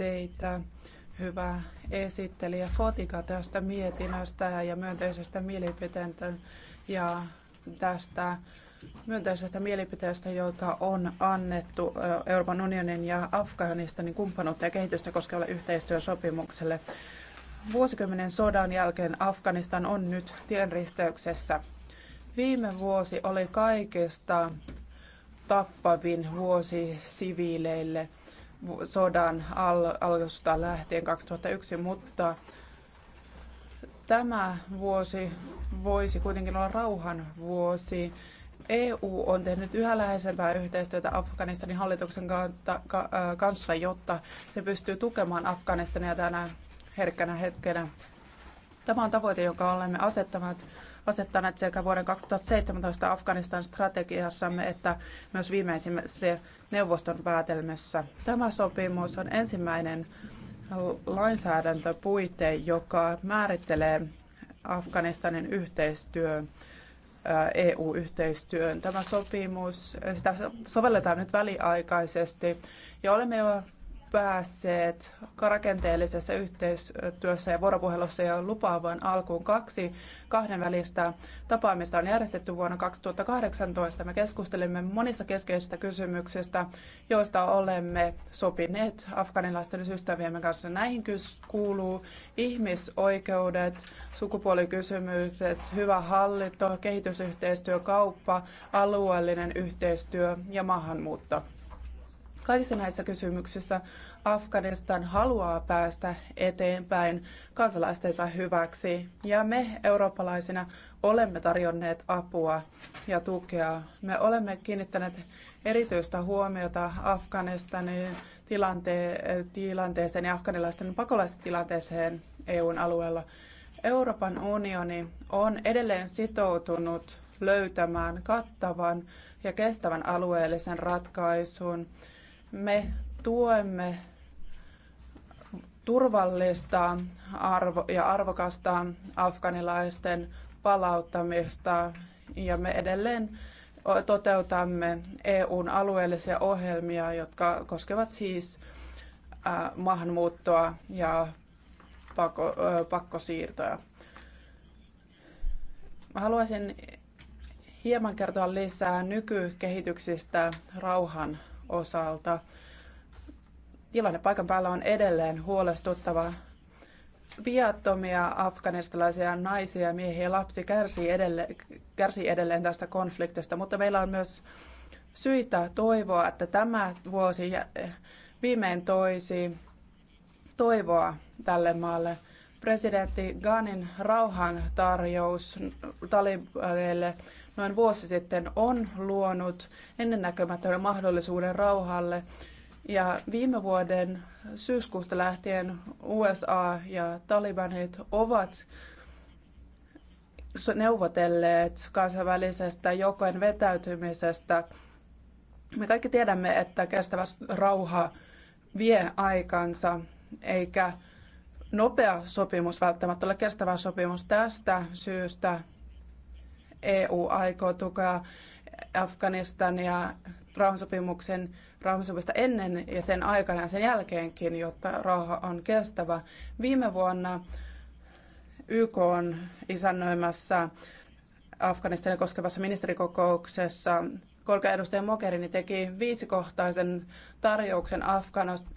teitä, hyvä esittelijä Fotika, tästä mietinnöstä ja myönteisestä mielipiteestä ja tästä myönteisestä mielipiteestä, joka on annettu Euroopan unionin ja Afganistanin kumppanuutta ja kehitystä koskevalle yhteistyösopimukselle. Vuosikymmenen sodan jälkeen Afganistan on nyt tienristeyksessä. Viime vuosi oli kaikista tappavin vuosi siviileille – sodan alusta lähtien 2001, mutta tämä vuosi voisi kuitenkin olla rauhan vuosi. EU on tehnyt yhä läheisempää yhteistyötä Afganistanin hallituksen kanssa, jotta se pystyy tukemaan Afganistania tänä herkkänä hetkenä. Tämä on tavoite, jonka olemme asettaneet sekä vuoden 2017 Afganistan strategiassamme että myös viimeisimmässä neuvoston päätelmässä. Tämä sopimus on ensimmäinen lainsäädäntöpuite, joka määrittelee Afganistanin yhteistyön EU-yhteistyön. Tämä sopimus, sitä sovelletaan nyt väliaikaisesti ja olemme jo päässeet rakenteellisessa yhteistyössä ja vuoropuhelussa jo lupaavan alkuun. Kaksi kahdenvälistä tapaamista on järjestetty vuonna 2018. Me keskustelimme monista keskeisistä kysymyksistä, joista olemme sopineet afganilaisten ystäviemme kanssa. Näihin kuuluu ihmisoikeudet, sukupuolikysymykset, hyvä hallinto, kehitysyhteistyö, kauppa, alueellinen yhteistyö ja maahanmuutto. Kaikissa näissä kysymyksissä Afganistan haluaa päästä eteenpäin kansalaistensa hyväksi ja me eurooppalaisina olemme tarjonneet apua ja tukea. Me olemme kiinnittäneet erityistä huomiota Afganistanin tilante- tilanteeseen ja afganilaisten pakolaistilanteeseen tilanteeseen EUn alueella. Euroopan unioni on edelleen sitoutunut löytämään kattavan ja kestävän alueellisen ratkaisun me tuemme turvallista arvo- ja arvokasta afganilaisten palauttamista ja me edelleen toteutamme EUn alueellisia ohjelmia, jotka koskevat siis maahanmuuttoa ja pako, pakkosiirtoja. Mä haluaisin hieman kertoa lisää nykykehityksistä rauhan osalta. Tilanne paikan päällä on edelleen huolestuttava. Viattomia afganistalaisia naisia, miehiä ja lapsi kärsii edelleen, kärsii edelleen tästä konfliktista, mutta meillä on myös syitä toivoa, että tämä vuosi viimein toisi toivoa tälle maalle. Presidentti Ghanin rauhan tarjous talibaneille noin vuosi sitten on luonut ennennäkemättömän mahdollisuuden rauhalle. Ja viime vuoden syyskuusta lähtien USA ja talibanit ovat neuvotelleet kansainvälisestä joukkojen vetäytymisestä. Me kaikki tiedämme, että kestävä rauha vie aikansa, eikä nopea sopimus välttämättä ole kestävä sopimus tästä syystä. EU aikoo tukea Afganistania rauhansopimuksen rauhansopimusta ennen ja sen aikana ja sen jälkeenkin, jotta rauha on kestävä. Viime vuonna YK on isännöimässä Afganistania koskevassa ministerikokouksessa korkeaedustaja Mogherini teki viisikohtaisen tarjouksen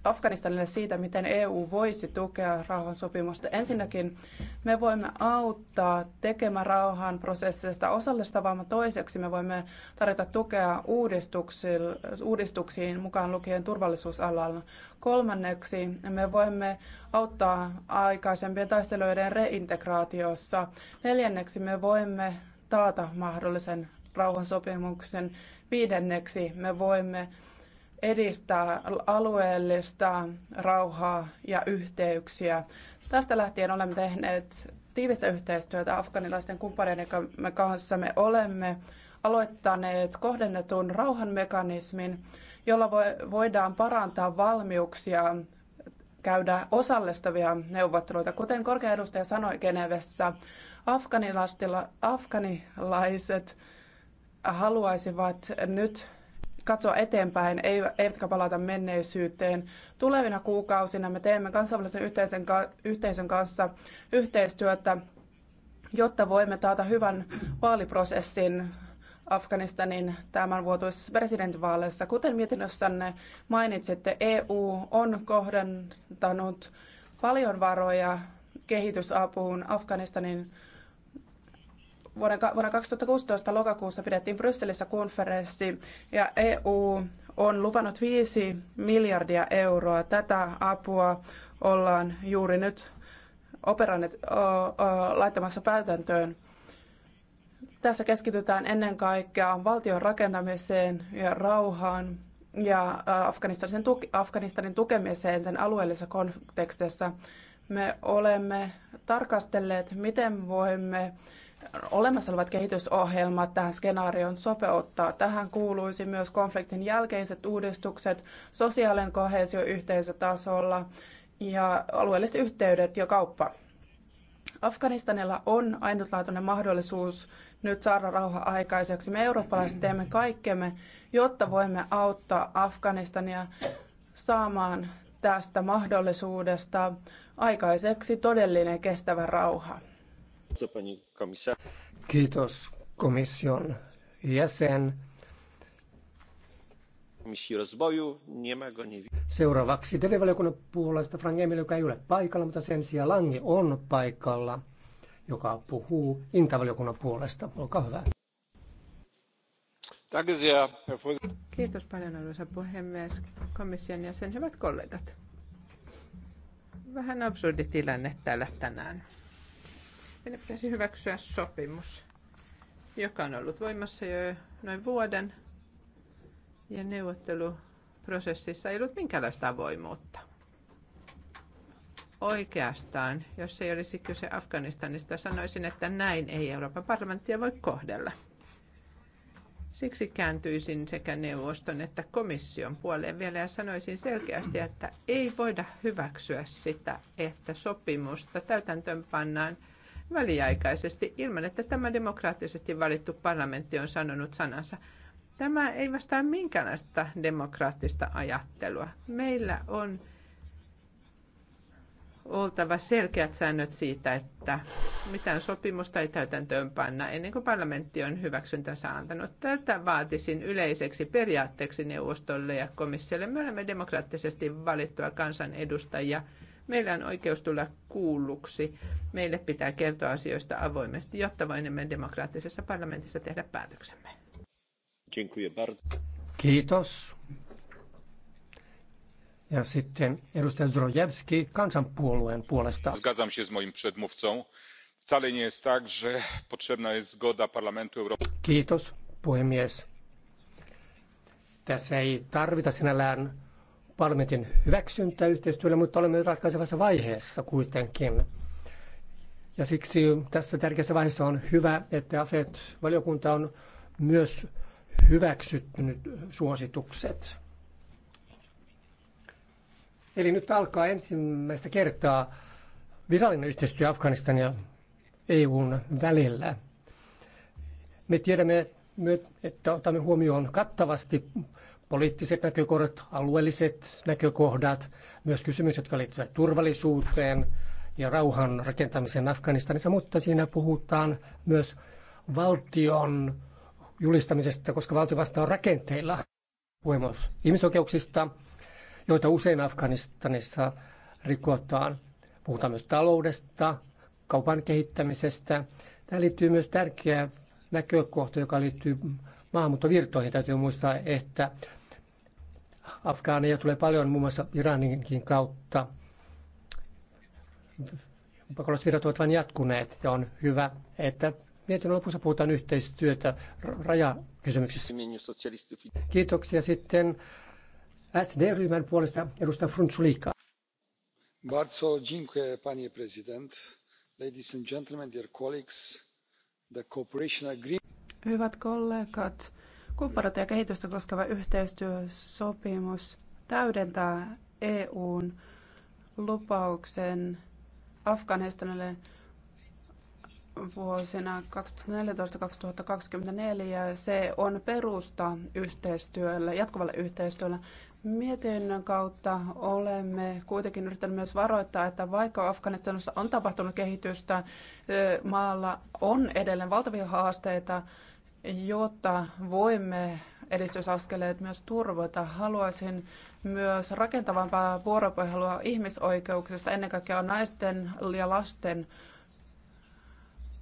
Afganistanille siitä, miten EU voisi tukea rauhansopimusta. Ensinnäkin me voimme auttaa tekemään rauhan prosessista osallistavamman toiseksi. Me voimme tarjota tukea uudistuksiin mukaan lukien turvallisuusalalla. Kolmanneksi me voimme auttaa aikaisempien taistelijoiden reintegraatiossa. Neljänneksi me voimme taata mahdollisen rauhansopimuksen viidenneksi me voimme edistää alueellista rauhaa ja yhteyksiä. Tästä lähtien olemme tehneet tiivistä yhteistyötä afganilaisten kumppaneiden kanssa. Me olemme aloittaneet kohdennetun rauhanmekanismin, jolla voidaan parantaa valmiuksia käydä osallistavia neuvotteluita. Kuten korkea edustaja sanoi Genevessä, afganilaiset haluaisivat nyt katsoa eteenpäin, eivätkä palata menneisyyteen. Tulevina kuukausina me teemme kansainvälisen yhteisön, kanssa yhteistyötä, jotta voimme taata hyvän vaaliprosessin Afganistanin tämänvuotuisissa presidentinvaaleissa. Kuten mietinnössänne mainitsitte, EU on kohdentanut paljon varoja kehitysapuun Afganistanin vuoden, vuonna 2016 lokakuussa pidettiin Brysselissä konferenssi ja EU on luvannut 5 miljardia euroa. Tätä apua ollaan juuri nyt operanet, o, o, laittamassa päätäntöön. Tässä keskitytään ennen kaikkea valtion rakentamiseen ja rauhaan ja Afganistanin, Afganistanin tukemiseen sen alueellisessa kontekstissa. Me olemme tarkastelleet, miten voimme olemassa olevat kehitysohjelmat tähän skenaarioon sopeuttaa. Tähän kuuluisi myös konfliktin jälkeiset uudistukset, sosiaalinen kohesio yhteisötasolla ja alueelliset yhteydet ja kauppa. Afganistanilla on ainutlaatuinen mahdollisuus nyt saada rauha aikaiseksi. Me eurooppalaiset teemme kaikkemme, jotta voimme auttaa Afganistania saamaan tästä mahdollisuudesta aikaiseksi todellinen kestävä rauha. Kiitos komission jäsen. Seuraavaksi TV-valiokunnan puolesta Frank Emil, joka ei ole paikalla, mutta sen sijaan Lange on paikalla, joka puhuu Intavaliokunnan puolesta. Olkaa hyvä. Kiitos paljon, arvoisa puhemies, komission jäsen, hyvät kollegat. Vähän absurdi tilanne täällä tänään meidän pitäisi hyväksyä sopimus, joka on ollut voimassa jo noin vuoden, ja neuvotteluprosessissa ei ollut minkäänlaista avoimuutta. Oikeastaan, jos ei olisi kyse Afganistanista, sanoisin, että näin ei Euroopan parlamenttia voi kohdella. Siksi kääntyisin sekä neuvoston että komission puoleen vielä ja sanoisin selkeästi, että ei voida hyväksyä sitä, että sopimusta täytäntöön pannaan väliaikaisesti ilman, että tämä demokraattisesti valittu parlamentti on sanonut sanansa. Tämä ei vastaa minkäänlaista demokraattista ajattelua. Meillä on oltava selkeät säännöt siitä, että mitään sopimusta ei täytäntöön panna ennen kuin parlamentti on hyväksyntänsä antanut. Tätä vaatisin yleiseksi periaatteeksi neuvostolle ja komissiolle. Me olemme demokraattisesti valittua kansanedustajia edustajia Meillä on oikeus tulla kuulluksi. Meille pitää kertoa asioista avoimesti, jotta voimme demokraattisessa parlamentissa tehdä päätöksemme. Kiitos. Ja sitten edustaja Zdrojewski kansanpuolueen puolesta. Zgadzam się z moim przedmówcą. Wcale nie jest tak, że potrzebna jest zgoda Parlamentu Europejskiego. Kiitos, puhemies. Tässä ei tarvita sinällään parlamentin hyväksyntä yhteistyölle, mutta olemme ratkaisevassa vaiheessa kuitenkin. Ja siksi tässä tärkeässä vaiheessa on hyvä, että AFET-valiokunta on myös hyväksyttynyt suositukset. Eli nyt alkaa ensimmäistä kertaa virallinen yhteistyö Afganistan ja EUn välillä. Me tiedämme, että otamme huomioon kattavasti poliittiset näkökohdat, alueelliset näkökohdat, myös kysymykset, jotka liittyvät turvallisuuteen ja rauhan rakentamiseen Afganistanissa, mutta siinä puhutaan myös valtion julistamisesta, koska valtio vastaa rakenteilla puhemus ihmisoikeuksista, joita usein Afganistanissa rikotaan. Puhutaan myös taloudesta, kaupan kehittämisestä. Tämä liittyy myös tärkeä näkökohta, joka liittyy maahanmuuttovirtoihin. Täytyy muistaa, että Afgaaneja tulee paljon muun muassa Iraninkin kautta. Pakolaisvirrat ovat vain jatkuneet ja on hyvä, että mietinnön lopussa puhutaan yhteistyötä rajakysymyksissä. Kiitoksia sitten SD-ryhmän puolesta edustaja Frunzulika. Bardzo dziękuję, panie prezydent. Ladies and gentlemen, dear colleagues, the cooperation agreement... Hyvät kollegat, Kumppanuutta ja kehitystä koskeva yhteistyösopimus täydentää EUn lupauksen Afganistanille vuosina 2014-2024. Se on perusta yhteistyölle, jatkuvalle yhteistyölle. Mietinnön kautta olemme kuitenkin yrittäneet myös varoittaa, että vaikka Afganistanissa on tapahtunut kehitystä, maalla on edelleen valtavia haasteita jotta voimme edistysaskeleet myös turvata. Haluaisin myös rakentavampaa vuoropuhelua ihmisoikeuksista, ennen kaikkea naisten ja lasten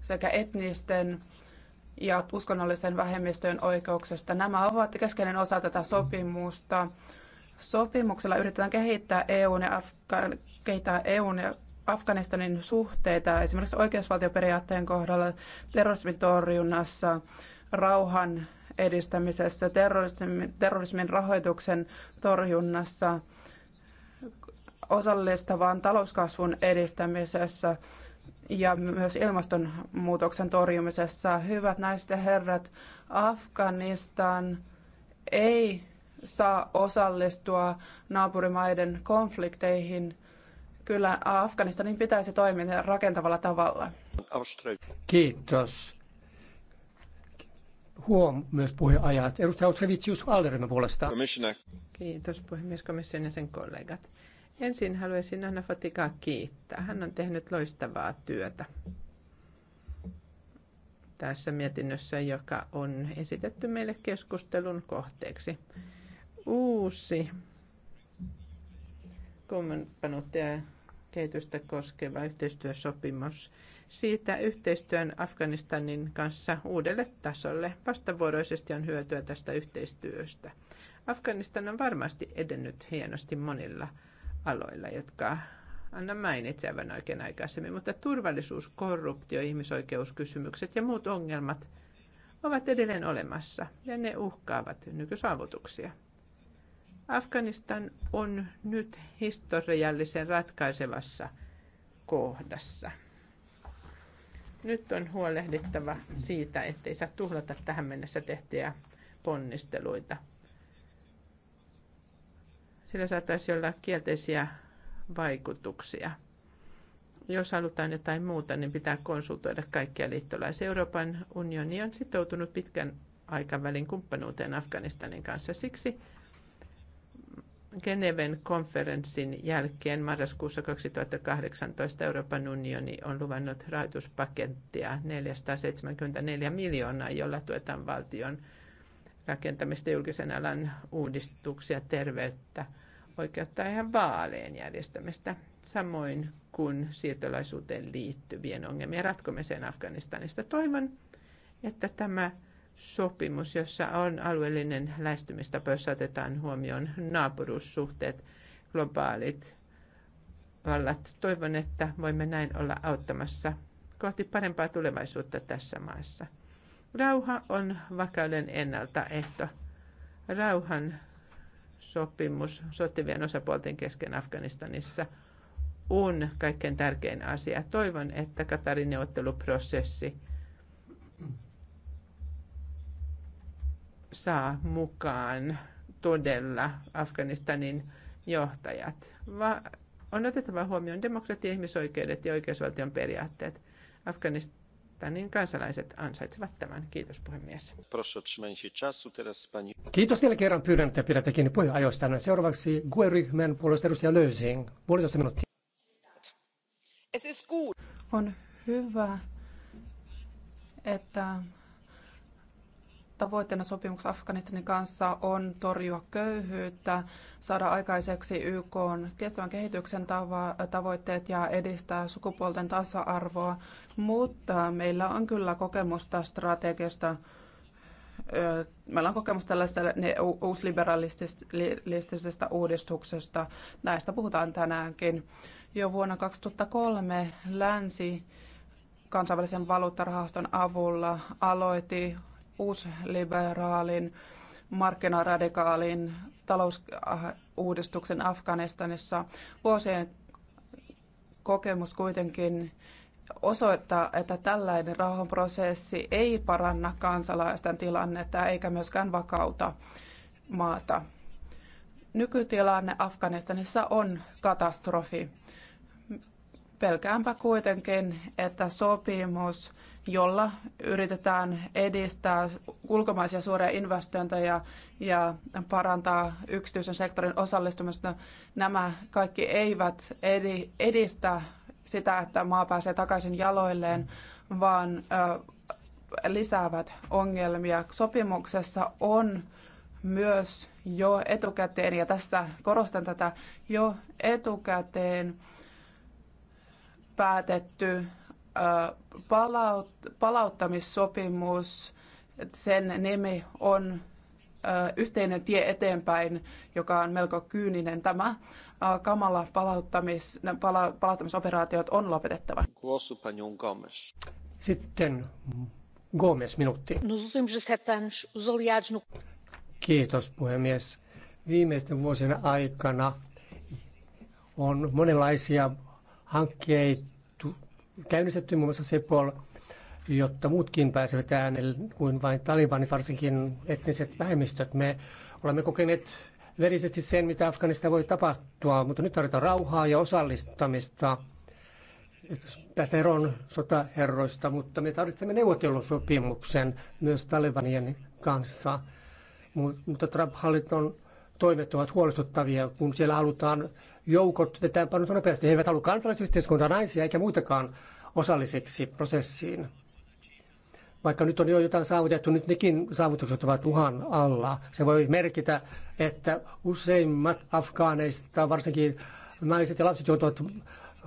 sekä etnisten ja uskonnollisen vähemmistöjen oikeuksista. Nämä ovat keskeinen osa tätä sopimusta. Sopimuksella yritetään kehittää EUn ja, Afga- kehittää EUn ja Afganistanin suhteita esimerkiksi oikeusvaltioperiaatteen kohdalla terrorismin torjunnassa rauhan edistämisessä, terrorismin, terrorismin rahoituksen torjunnassa, osallistavan talouskasvun edistämisessä ja myös ilmastonmuutoksen torjumisessa. Hyvät naiset ja herrat, Afganistan ei saa osallistua naapurimaiden konflikteihin. Kyllä Afganistanin pitäisi toimia rakentavalla tavalla. Kiitos huom myös puheajat. Edustaja Otsevitsius Alleryhmä puolestaan. Kiitos puhemies komission ja sen kollegat. Ensin haluaisin Anna Fatikaa kiittää. Hän on tehnyt loistavaa työtä tässä mietinnössä, joka on esitetty meille keskustelun kohteeksi. Uusi kumppanuutta ja kehitystä koskeva yhteistyösopimus siitä yhteistyön Afganistanin kanssa uudelle tasolle. Vastavuoroisesti on hyötyä tästä yhteistyöstä. Afganistan on varmasti edennyt hienosti monilla aloilla, jotka anna mainitsi aivan oikein aikaisemmin, mutta turvallisuus, korruptio, ihmisoikeuskysymykset ja muut ongelmat ovat edelleen olemassa ja ne uhkaavat nykysaavutuksia. Afganistan on nyt historiallisen ratkaisevassa kohdassa. Nyt on huolehdittava siitä, ettei saa tuhlata tähän mennessä tehtyjä ponnisteluita. Sillä saattaisi olla kielteisiä vaikutuksia. Jos halutaan jotain muuta, niin pitää konsultoida kaikkia liittolaisia. Euroopan unioni on sitoutunut pitkän aikavälin kumppanuuteen Afganistanin kanssa. Siksi Geneven konferenssin jälkeen marraskuussa 2018 Euroopan unioni on luvannut rahoituspakettia 474 miljoonaa, jolla tuetaan valtion rakentamista julkisen alan uudistuksia, terveyttä, oikeutta ihan vaaleen järjestämistä, samoin kuin siirtolaisuuteen liittyvien ongelmien ratkomiseen Afganistanista. Toivon, että tämä sopimus, jossa on alueellinen lähestymistapa, jossa otetaan huomioon naapuruussuhteet, globaalit vallat. Toivon, että voimme näin olla auttamassa kohti parempaa tulevaisuutta tässä maassa. Rauha on vakauden ennaltaehto. Rauhan sopimus sotivien osapuolten kesken Afganistanissa on kaikkein tärkein asia. Toivon, että Katarin neuvotteluprosessi saa mukaan todella Afganistanin johtajat. Va- on otettava huomioon demokratia, ihmisoikeudet ja oikeusvaltion periaatteet. Afganistanin kansalaiset ansaitsevat tämän. Kiitos puhemies. Kiitos vielä kerran pyydän, että pidätte kiinni puheenajoista. Seuraavaksi GUE-ryhmän puolesta edustaja Löysing. Puolitoista minuuttia. On hyvä, että Tavoitteena sopimuksessa Afganistanin kanssa on torjua köyhyyttä, saada aikaiseksi YK kestävän kehityksen tavoitteet ja edistää sukupuolten tasa-arvoa, mutta meillä on kyllä kokemusta strategista meillä on kokemus tällaista uusliberalistisesta uudistuksesta. Näistä puhutaan tänäänkin. Jo vuonna 2003 länsi kansainvälisen valuuttarahaston avulla aloitti uusliberaalin markkinaradikaalin talousuudistuksen Afganistanissa. Vuosien kokemus kuitenkin osoittaa, että tällainen rauhanprosessi ei paranna kansalaisten tilannetta eikä myöskään vakauta maata. Nykytilanne Afganistanissa on katastrofi. Pelkäänpä kuitenkin, että sopimus jolla yritetään edistää ulkomaisia suoria investointeja ja parantaa yksityisen sektorin osallistumista. Nämä kaikki eivät edistä sitä, että maa pääsee takaisin jaloilleen, vaan lisäävät ongelmia. Sopimuksessa on myös jo etukäteen, ja tässä korostan tätä jo etukäteen päätetty palauttamissopimus, sen nimi on yhteinen tie eteenpäin, joka on melko kyyninen. Tämä kamala palauttamis, no, pala, palauttamisoperaatiot on lopetettava. Sitten Gomes minuutti. No, no- Kiitos puhemies. Viimeisten vuosien aikana on monenlaisia hankkeita käynnistetty muun muassa Sepol, jotta muutkin pääsevät äänelle kuin vain talibanit, varsinkin etniset vähemmistöt. Me olemme kokeneet verisesti sen, mitä Afganista voi tapahtua, mutta nyt tarvitaan rauhaa ja osallistamista. Tästä eroon sotaherroista, mutta me tarvitsemme sopimuksen myös Talibanien kanssa. Mutta Trump-hallinnon toimet ovat huolestuttavia, kun siellä halutaan joukot vetää paljon nopeasti. He eivät halua kansalaisyhteiskuntaa, naisia eikä muitakaan osalliseksi prosessiin. Vaikka nyt on jo jotain saavutettu, nyt nekin saavutukset ovat uhan alla. Se voi merkitä, että useimmat afgaaneista, varsinkin naiset ja lapset, joutuvat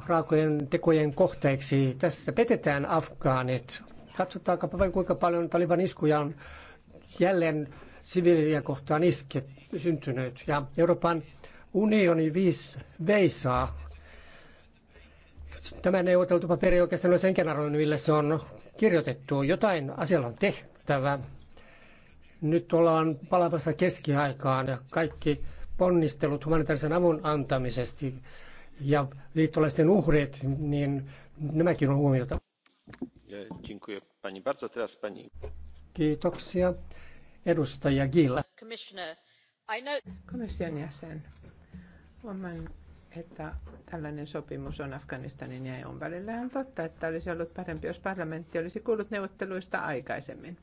raakojen tekojen kohteeksi. Tässä petetään afgaanit. Katsotaanpa vain kuinka paljon Taliban iskuja on jälleen siviiliä kohtaan iske syntynyt. Ja Euroopan unioni viis veisaa. Tämä neuvoteltupaperi oikeastaan on senkin arvoinen, millä se on kirjoitettu. Jotain asialla on tehtävä. Nyt ollaan palamassa keskiaikaan ja kaikki ponnistelut humanitaarisen avun antamisesti ja liittolaisten uhreet, niin nämäkin on huomiota. Kiitoksia. Edustaja Gill. Komission jäsen. Huomaan, että tällainen sopimus on Afganistanin ja EUn välillä. On totta, että olisi ollut parempi, jos parlamentti olisi kuullut neuvotteluista aikaisemmin.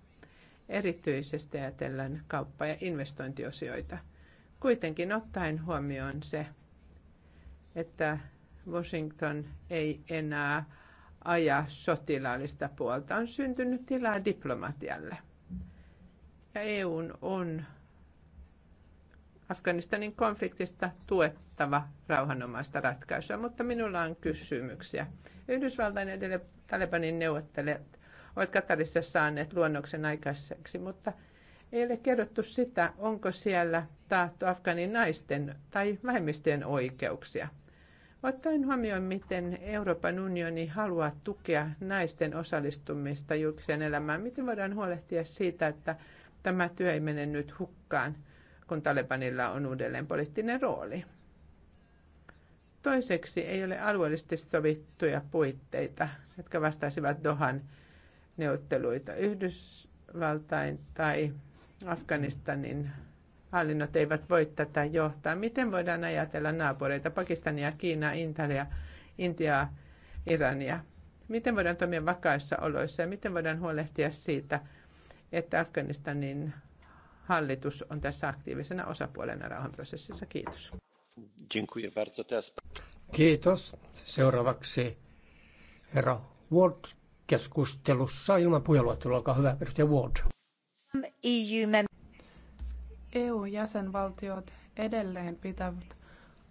Erityisesti ajatellen kauppa- ja investointiosioita. Kuitenkin ottaen huomioon se, että Washington ei enää aja sotilaallista puolta. On syntynyt tilaa diplomatialle. Ja EUn on Afganistanin konfliktista tuettava rauhanomaista ratkaisua, mutta minulla on kysymyksiä. Yhdysvaltain ja Talebanin neuvottelijat ovat Katarissa saaneet luonnoksen aikaiseksi, mutta ei ole kerrottu sitä, onko siellä taattu Afganin naisten tai vähemmistöjen oikeuksia. Ottaen huomioon, miten Euroopan unioni haluaa tukea naisten osallistumista julkiseen elämään, miten voidaan huolehtia siitä, että tämä työ ei mene nyt hukkaan – kun Talebanilla on uudelleen poliittinen rooli. Toiseksi ei ole alueellisesti sovittuja puitteita, jotka vastaisivat Dohan neuvotteluita. Yhdysvaltain tai Afganistanin hallinnot eivät voi tätä johtaa. Miten voidaan ajatella naapureita, Pakistania, Kiinaa, Intalia, Intiaa, Irania? Miten voidaan toimia vakaissa oloissa ja miten voidaan huolehtia siitä, että Afganistanin hallitus on tässä aktiivisena osapuolena rauhanprosessissa. Kiitos. Kiitos. Seuraavaksi herra Ward keskustelussa ilman puheenluottelua. Olkaa hyvä, edustaja Ward. EU-jäsenvaltiot e edelleen pitävät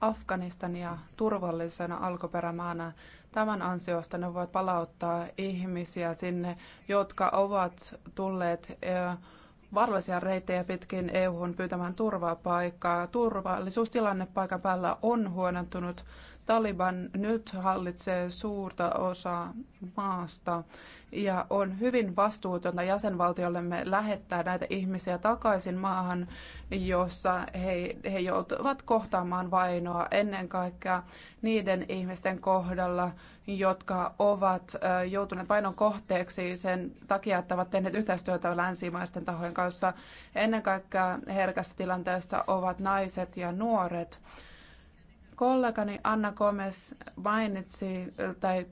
Afganistania turvallisena alkuperämaana. Tämän ansiosta ne voivat palauttaa ihmisiä sinne, jotka ovat tulleet vaarallisia reittejä pitkin EU:hun pyytämään turvapaikkaa. Turvallisuustilanne paikan päällä on huonontunut Taliban nyt hallitsee suurta osaa maasta ja on hyvin vastuutonta jäsenvaltiollemme lähettää näitä ihmisiä takaisin maahan, jossa he, he joutuvat kohtaamaan vainoa ennen kaikkea niiden ihmisten kohdalla, jotka ovat joutuneet vainon kohteeksi sen takia, että ovat tehneet yhteistyötä länsimaisten tahojen kanssa. Ennen kaikkea herkässä tilanteessa ovat naiset ja nuoret. Kollegani Anna Gomez mainitsi äh, tai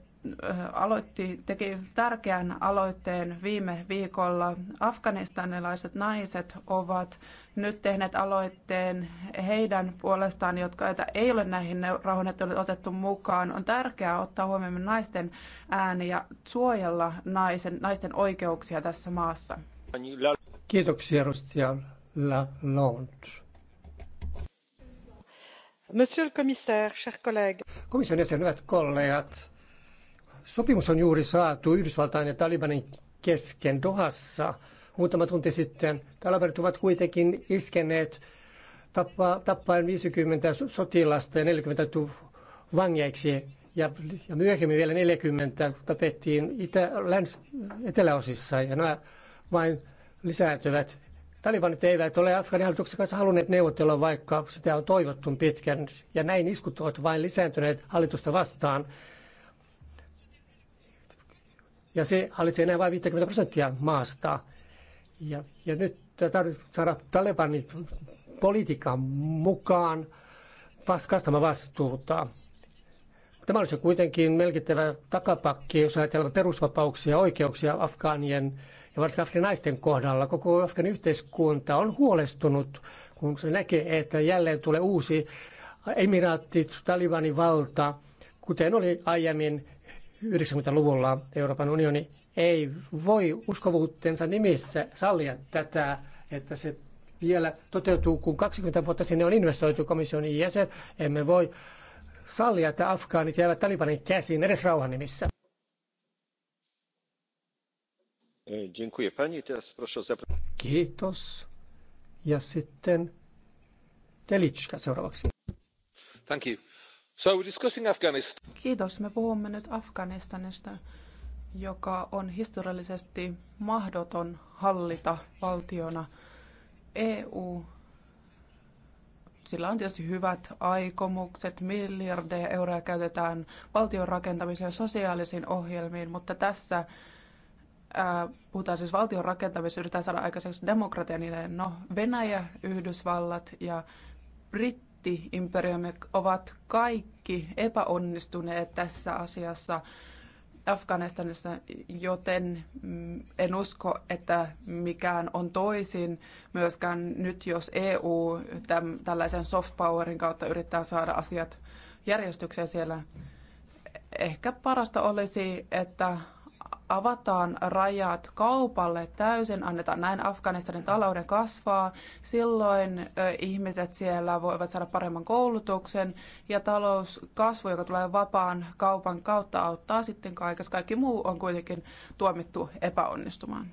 äh, aloitti, teki tärkeän aloitteen viime viikolla. Afganistanilaiset naiset ovat nyt tehneet aloitteen heidän puolestaan, jotka ei ole näihin rauhanneuvotteluihin otettu mukaan. On tärkeää ottaa huomioon naisten ääni ja suojella naisen, naisten oikeuksia tässä maassa. Kiitoksia edustaja Lalonde. Monsieur le commissaire, chers collègues. Komission jäsen, hyvät kollegat. Sopimus on juuri saatu Yhdysvaltain ja Talibanin kesken Dohassa muutama tunti sitten. Talibanit ovat kuitenkin iskeneet tappaen 50 sotilasta ja 40 vangeiksi ja, ja myöhemmin vielä 40 tapettiin itä, läns, eteläosissa ja nämä vain lisääntyvät. Talibanit eivät ole Afganin kanssa halunneet neuvotella, vaikka sitä on toivottu pitkän, ja näin iskut ovat vain lisääntyneet hallitusta vastaan. Ja se hallitsee enää vain 50 prosenttia maasta. Ja, ja nyt tarvitsee saada Talibanit politiikan mukaan vastaama vastuuta. Tämä olisi kuitenkin merkittävä takapakki, jos ajatellaan perusvapauksia ja oikeuksia afgaanien ja varsinkin naisten kohdalla koko Afrikan yhteiskunta on huolestunut, kun se näkee, että jälleen tulee uusi emiraatti, Talibanin valta, kuten oli aiemmin 90-luvulla Euroopan unioni ei voi uskovuutensa nimissä sallia tätä, että se vielä toteutuu, kun 20 vuotta sinne on investoitu komission jäsen. Emme voi sallia, että afgaanit jäävät Talibanin käsiin edes rauhan nimissä. Kiitos. Ja sitten Telitska seuraavaksi. Thank you. So we're discussing Afghanistan. Kiitos. Me puhumme nyt Afganistanista, joka on historiallisesti mahdoton hallita valtiona. EU, sillä on tietysti hyvät aikomukset, miljardeja euroja käytetään valtion rakentamiseen ja sosiaalisiin ohjelmiin, mutta tässä puhutaan siis valtion rakentamisesta, yritetään saada aikaiseksi demokratia, niin no Venäjä, Yhdysvallat ja britti-imperiumi ovat kaikki epäonnistuneet tässä asiassa Afganistanissa, joten mm, en usko, että mikään on toisin. Myöskään nyt, jos EU täm, tällaisen soft powerin kautta yrittää saada asiat järjestykseen siellä, ehkä parasta olisi, että avataan rajat kaupalle täysin, annetaan näin Afganistanin talouden kasvaa, silloin ihmiset siellä voivat saada paremman koulutuksen ja talouskasvu, joka tulee vapaan kaupan kautta, auttaa sitten kaikessa. Kaikki muu on kuitenkin tuomittu epäonnistumaan.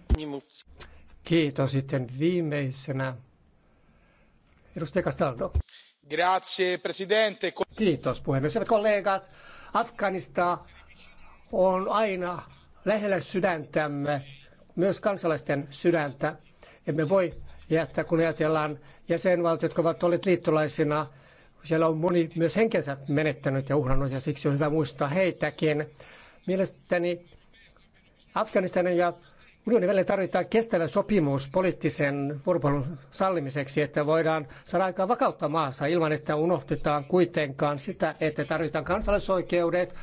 Kiitos. Sitten viimeisenä edustaja Castaldo. Grazie, presidente. Kiitos puhemies. Hyvät kollegat, Afganistan on aina lähellä sydäntämme, myös kansalaisten sydäntä. Emme voi jättää, kun ajatellaan jäsenvaltiot, jotka ovat olleet liittolaisina. Siellä on moni myös henkensä menettänyt ja uhrannut, ja siksi on hyvä muistaa heitäkin. Mielestäni Afganistanin ja unionin välillä tarvitaan kestävä sopimus poliittisen vuoropuhelun sallimiseksi, että voidaan saada aikaan vakautta maassa ilman, että unohtetaan kuitenkaan sitä, että tarvitaan kansalaisoikeudet,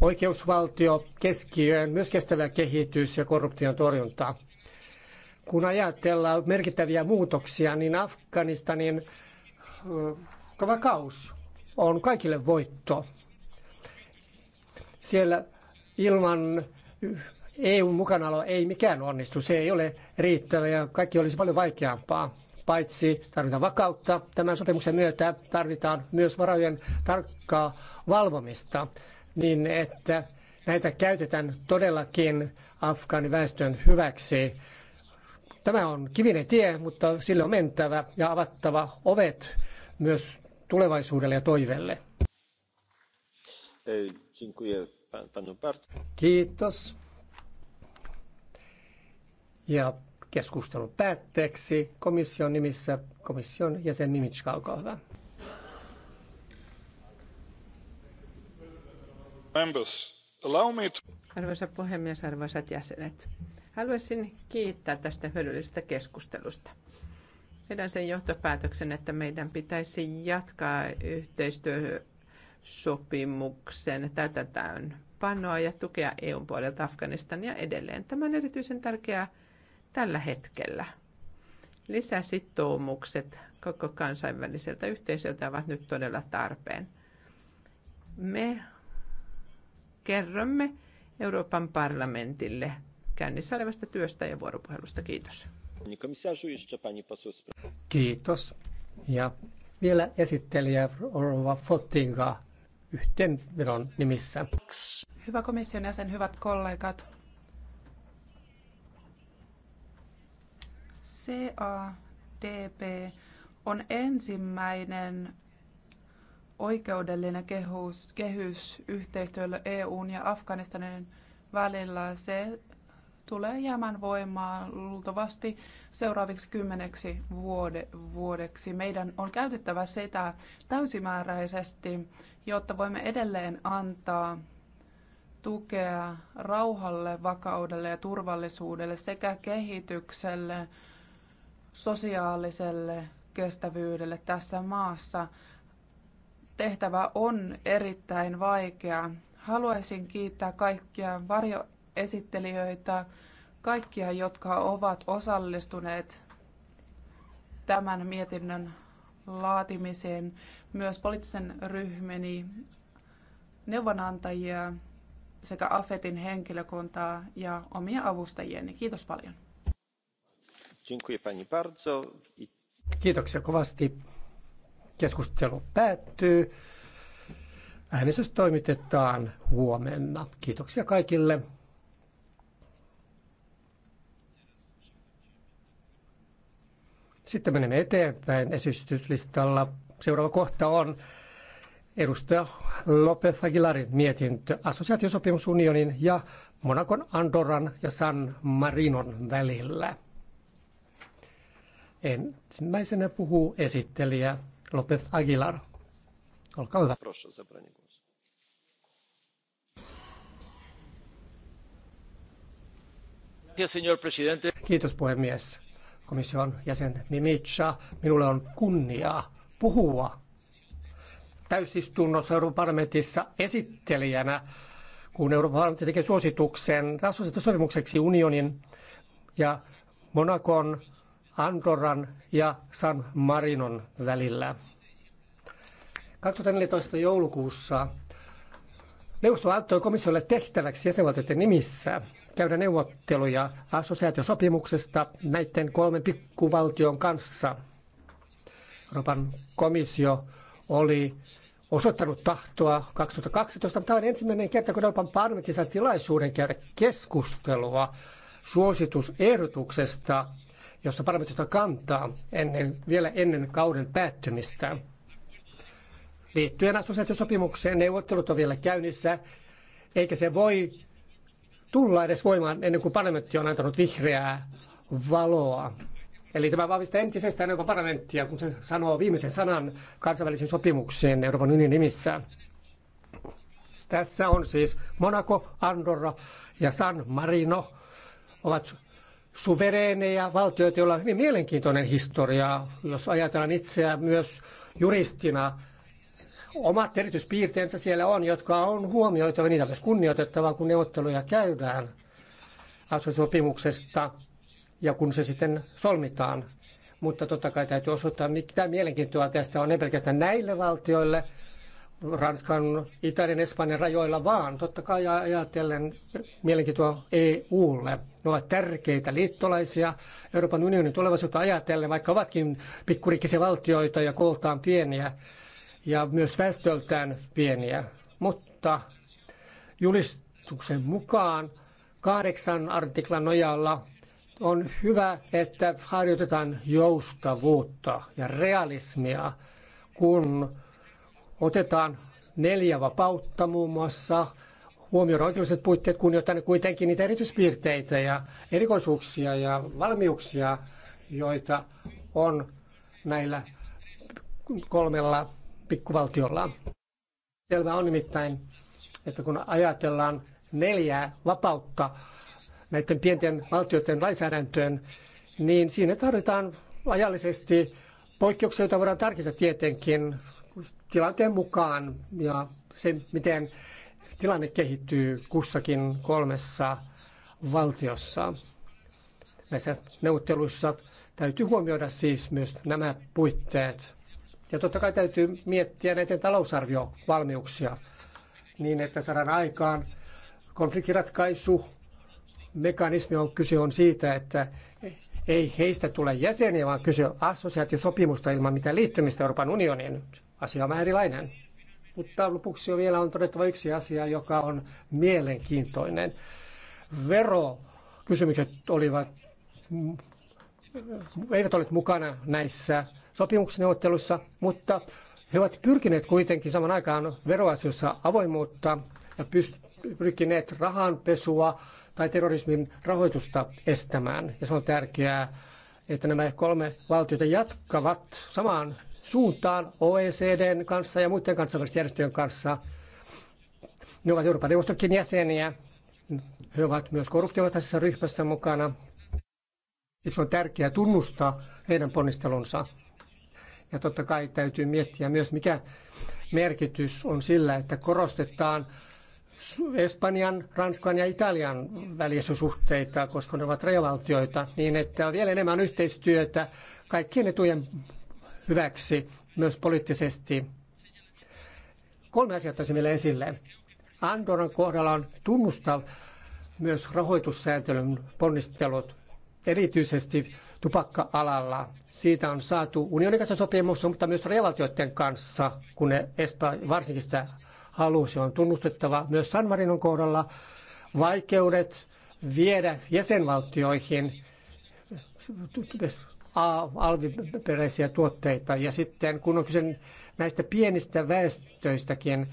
oikeusvaltio keskiöön, myös kestävä kehitys ja korruption torjunta. Kun ajatellaan merkittäviä muutoksia, niin Afganistanin vakaus on kaikille voitto. Siellä ilman EUn mukanaolo ei mikään onnistu. Se ei ole riittävä ja kaikki olisi paljon vaikeampaa. Paitsi tarvitaan vakautta, tämän sopimuksen myötä tarvitaan myös varojen tarkkaa valvomista niin että näitä käytetään todellakin afgaaniväestön hyväksi. Tämä on kivinen tie, mutta sille on mentävä ja avattava ovet myös tulevaisuudelle ja toiveelle. Kiitos. Ja keskustelun päätteeksi komission nimissä komission jäsen Nimitska, olkaa hyvä. Arvoisa puhemies, arvoisat jäsenet. Haluaisin kiittää tästä hyödyllisestä keskustelusta. Vedän sen johtopäätöksen, että meidän pitäisi jatkaa yhteistyösopimuksen täytäntöön panoa ja tukea EUn puolelta Afganistania edelleen. Tämä on erityisen tärkeää tällä hetkellä. Lisäsitoumukset koko kansainväliseltä yhteisöltä ovat nyt todella tarpeen. Me kerromme Euroopan parlamentille käynnissä olevasta työstä ja vuoropuhelusta. Kiitos. Kiitos. Ja vielä esittelijä Orva Fottinga yhteenvedon nimissä. Hyvä komission jäsen, hyvät kollegat. CADP on ensimmäinen oikeudellinen kehys, kehys yhteistyölle EUn ja Afganistanin välillä, se tulee jäämään voimaan luultavasti seuraaviksi kymmeneksi vuode, vuodeksi. Meidän on käytettävä sitä täysimääräisesti, jotta voimme edelleen antaa tukea rauhalle, vakaudelle ja turvallisuudelle sekä kehitykselle, sosiaaliselle kestävyydelle tässä maassa tehtävä on erittäin vaikea. Haluaisin kiittää kaikkia varjoesittelijöitä, kaikkia, jotka ovat osallistuneet tämän mietinnön laatimiseen, myös poliittisen ryhmäni neuvonantajia sekä AFETin henkilökuntaa ja omia avustajieni. Kiitos paljon. Kiitoksia kovasti. Keskustelu päättyy. Äänestys toimitetaan huomenna. Kiitoksia kaikille. Sitten menemme eteenpäin esityslistalla. Seuraava kohta on edustaja Lopez Aguilarin mietintö assosiaatiosopimusunionin ja Monakon, Andorran ja San Marinon välillä. Ensimmäisenä puhuu esittelijä López Aguilar. Alcalde. hyvä. Proszę, zabranie głosu. Kiitos puhemies. Komission jäsen Mimitsa, minulle on kunnia puhua täysistunnossa Euroopan parlamentissa esittelijänä, kun Euroopan parlamentti tekee suosituksen sopimukseksi unionin ja Monakon Andorran ja San Marinon välillä. 2014 joulukuussa neuvosto antoi komissiolle tehtäväksi jäsenvaltioiden nimissä käydä neuvotteluja assosiaatiosopimuksesta näiden kolmen pikkuvaltion kanssa. Euroopan komissio oli osoittanut tahtoa 2012, mutta tämä on ensimmäinen kerta, kun Euroopan parlamentti saa tilaisuuden käydä keskustelua suositusehdotuksesta josta parlamentti ottaa kantaa ennen, vielä ennen kauden päättymistä. Liittyen assosiaatiosopimukseen neuvottelut on vielä käynnissä, eikä se voi tulla edes voimaan ennen kuin parlamentti on antanut vihreää valoa. Eli tämä vahvistaa entisestään Euroopan parlamenttia, kun se sanoo viimeisen sanan kansainvälisen sopimukseen Euroopan unionin nimissä. Tässä on siis Monaco, Andorra ja San Marino ovat suvereeneja valtioita, joilla on hyvin mielenkiintoinen historia, jos ajatellaan itseä myös juristina. Omat erityispiirteensä siellä on, jotka on huomioitava, niitä on myös kunnioitettava, kun neuvotteluja käydään asuinsopimuksesta ja kun se sitten solmitaan. Mutta totta kai täytyy osoittaa, mitä mielenkiintoa tästä on, ei pelkästään näille valtioille – Ranskan, Italian, Espanjan rajoilla, vaan totta kai ajatellen mielenkiintoa EUlle. Ne ovat tärkeitä liittolaisia Euroopan unionin tulevaisuutta ajatellen, vaikka ovatkin pikkurikkisiä valtioita ja kooltaan pieniä ja myös väestöltään pieniä. Mutta julistuksen mukaan kahdeksan artiklan nojalla on hyvä, että harjoitetaan joustavuutta ja realismia, kun otetaan neljä vapautta muun muassa, huomioida oikeudelliset puitteet, kunnioittaa kuitenkin niitä erityispiirteitä ja erikoisuuksia ja valmiuksia, joita on näillä kolmella pikkuvaltiolla. Selvä on nimittäin, että kun ajatellaan neljää vapautta näiden pienten valtioiden lainsäädäntöön, niin siinä tarvitaan ajallisesti poikkeuksia, joita voidaan tarkistaa tietenkin tilanteen mukaan ja se, miten tilanne kehittyy kussakin kolmessa valtiossa. Näissä neuvotteluissa täytyy huomioida siis myös nämä puitteet. Ja totta kai täytyy miettiä näiden talousarviovalmiuksia niin, että saadaan aikaan konfliktiratkaisu. Mekanismi on kyse on siitä, että ei heistä tule jäseniä, vaan kyse on assosiaatiosopimusta ilman mitään liittymistä Euroopan unioniin asia on vähän erilainen. Mutta lopuksi on vielä on todettava yksi asia, joka on mielenkiintoinen. Verokysymykset olivat, eivät olleet mukana näissä sopimuksneuvotteluissa, mutta he ovat pyrkineet kuitenkin saman aikaan veroasioissa avoimuutta ja pyrkineet rahanpesua tai terrorismin rahoitusta estämään. Ja se on tärkeää, että nämä kolme valtiota jatkavat samaan suuntaan OECDn kanssa ja muiden kansainvälisten järjestöjen kanssa. Ne ovat Euroopan neuvostokin jäseniä. He ovat myös korruptiovastaisessa ryhmässä mukana. se on tärkeää tunnustaa heidän ponnistelunsa. Ja totta kai täytyy miettiä myös, mikä merkitys on sillä, että korostetaan Espanjan, Ranskan ja Italian välisiä suhteita, koska ne ovat rajavaltioita, niin että vielä enemmän yhteistyötä kaikkien etujen hyväksi myös poliittisesti. Kolme asiaa ottaisin vielä esille. Andorran kohdalla on tunnustaa myös rahoitussääntelyn ponnistelut, erityisesti tupakka-alalla. Siitä on saatu unionin kanssa sopimus, mutta myös revaltioiden kanssa, kun ne Espa- varsinkin sitä halusi, on tunnustettava myös San Marinon kohdalla vaikeudet viedä jäsenvaltioihin alviperäisiä tuotteita. Ja sitten kun on kyse näistä pienistä väestöistäkin,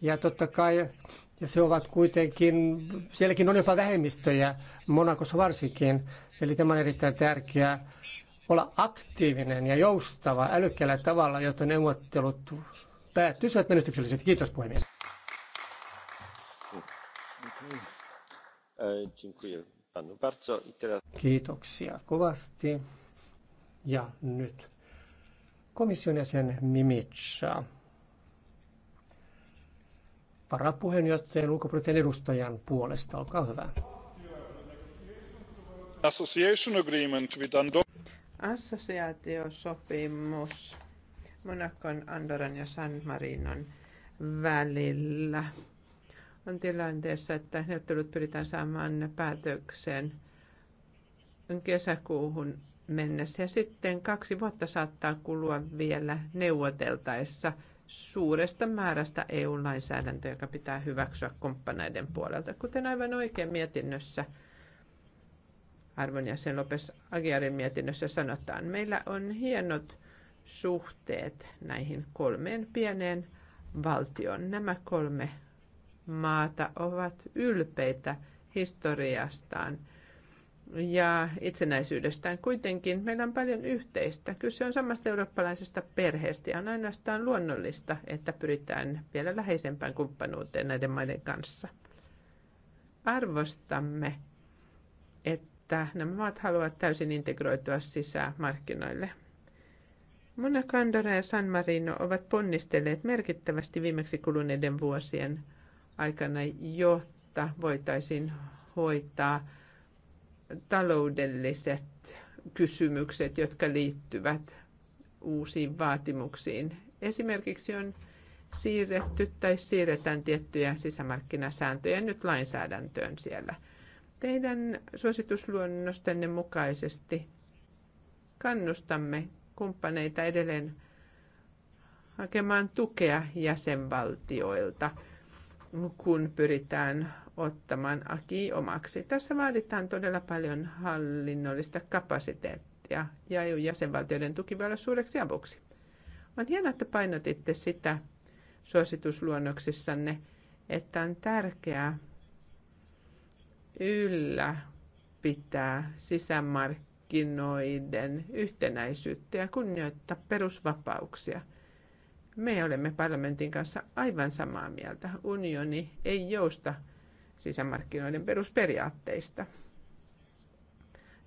ja totta kai ja se ovat kuitenkin, sielläkin on jopa vähemmistöjä, Monakossa varsinkin, eli tämä on erittäin tärkeää olla aktiivinen ja joustava älykkäällä tavalla, jotta neuvottelut päättyisivät menestyksellisesti. Kiitos puhemies. Okay. Uh, Kiitoksia kovasti. Ja nyt komission jäsen Mimitsa. Varapuheenjohtajan ulkopuolisen edustajan puolesta, olkaa hyvä. Association agreement with Andorra. Assosiaatiosopimus Monacon, Andoran ja San Marinon välillä on tilanteessa, että neuvottelut pyritään saamaan päätökseen kesäkuuhun mennessä. Ja sitten kaksi vuotta saattaa kulua vielä neuvoteltaessa suuresta määrästä EU-lainsäädäntöä, joka pitää hyväksyä komppaneiden puolelta. Kuten aivan oikein mietinnössä, arvon jäsen Lopes Agiarin mietinnössä sanotaan, meillä on hienot suhteet näihin kolmeen pieneen valtioon. Nämä kolme maata ovat ylpeitä historiastaan ja itsenäisyydestään. Kuitenkin meillä on paljon yhteistä. Kyse on samasta eurooppalaisesta perheestä ja on ainoastaan luonnollista, että pyritään vielä läheisempään kumppanuuteen näiden maiden kanssa. Arvostamme, että nämä maat haluavat täysin integroitua sisämarkkinoille. markkinoille. Candora ja San Marino ovat ponnistelleet merkittävästi viimeksi kuluneiden vuosien aikana, jotta voitaisiin hoitaa taloudelliset kysymykset, jotka liittyvät uusiin vaatimuksiin. Esimerkiksi on siirretty tai siirretään tiettyjä sisämarkkinasääntöjä nyt lainsäädäntöön siellä. Teidän suositusluonnostenne mukaisesti kannustamme kumppaneita edelleen hakemaan tukea jäsenvaltioilta – kun pyritään ottamaan aki omaksi. Tässä vaaditaan todella paljon hallinnollista kapasiteettia ja e jäsenvaltioiden tuki voi olla suureksi avuksi. On hienoa, että painotitte sitä suositusluonnoksissanne, että on tärkeää yllä pitää sisämarkkinoiden yhtenäisyyttä ja kunnioittaa perusvapauksia – me olemme parlamentin kanssa aivan samaa mieltä. Unioni ei jousta sisämarkkinoiden perusperiaatteista.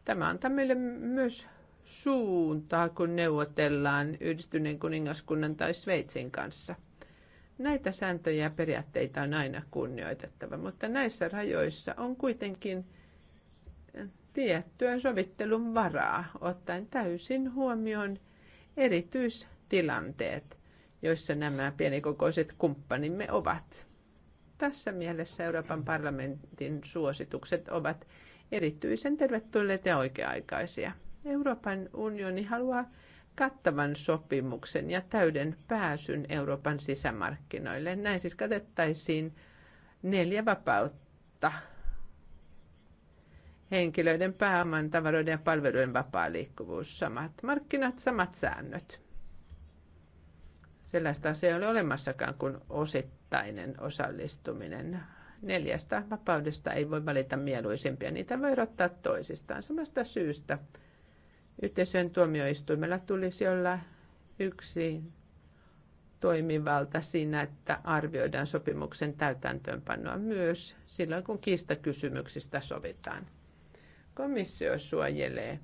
Tämä antaa meille myös suuntaa, kun neuvotellaan yhdistyneen kuningaskunnan tai Sveitsin kanssa. Näitä sääntöjä ja periaatteita on aina kunnioitettava, mutta näissä rajoissa on kuitenkin tiettyä sovittelun varaa, ottaen täysin huomioon erityistilanteet, joissa nämä pienikokoiset kumppanimme ovat. Tässä mielessä Euroopan parlamentin suositukset ovat erityisen tervetulleet ja oikea-aikaisia. Euroopan unioni haluaa kattavan sopimuksen ja täyden pääsyn Euroopan sisämarkkinoille. Näin siis katettaisiin neljä vapautta. Henkilöiden, pääoman, tavaroiden ja palveluiden vapaa liikkuvuus, samat markkinat, samat säännöt. Sellaista se ei ole olemassakaan kuin osittainen osallistuminen. Neljästä vapaudesta ei voi valita mieluisimpia, niitä voi erottaa toisistaan. Samasta syystä yhteisön tuomioistuimella tulisi olla yksi toimivalta siinä, että arvioidaan sopimuksen täytäntöönpanoa myös silloin, kun kiistakysymyksistä sovitaan. Komissio suojelee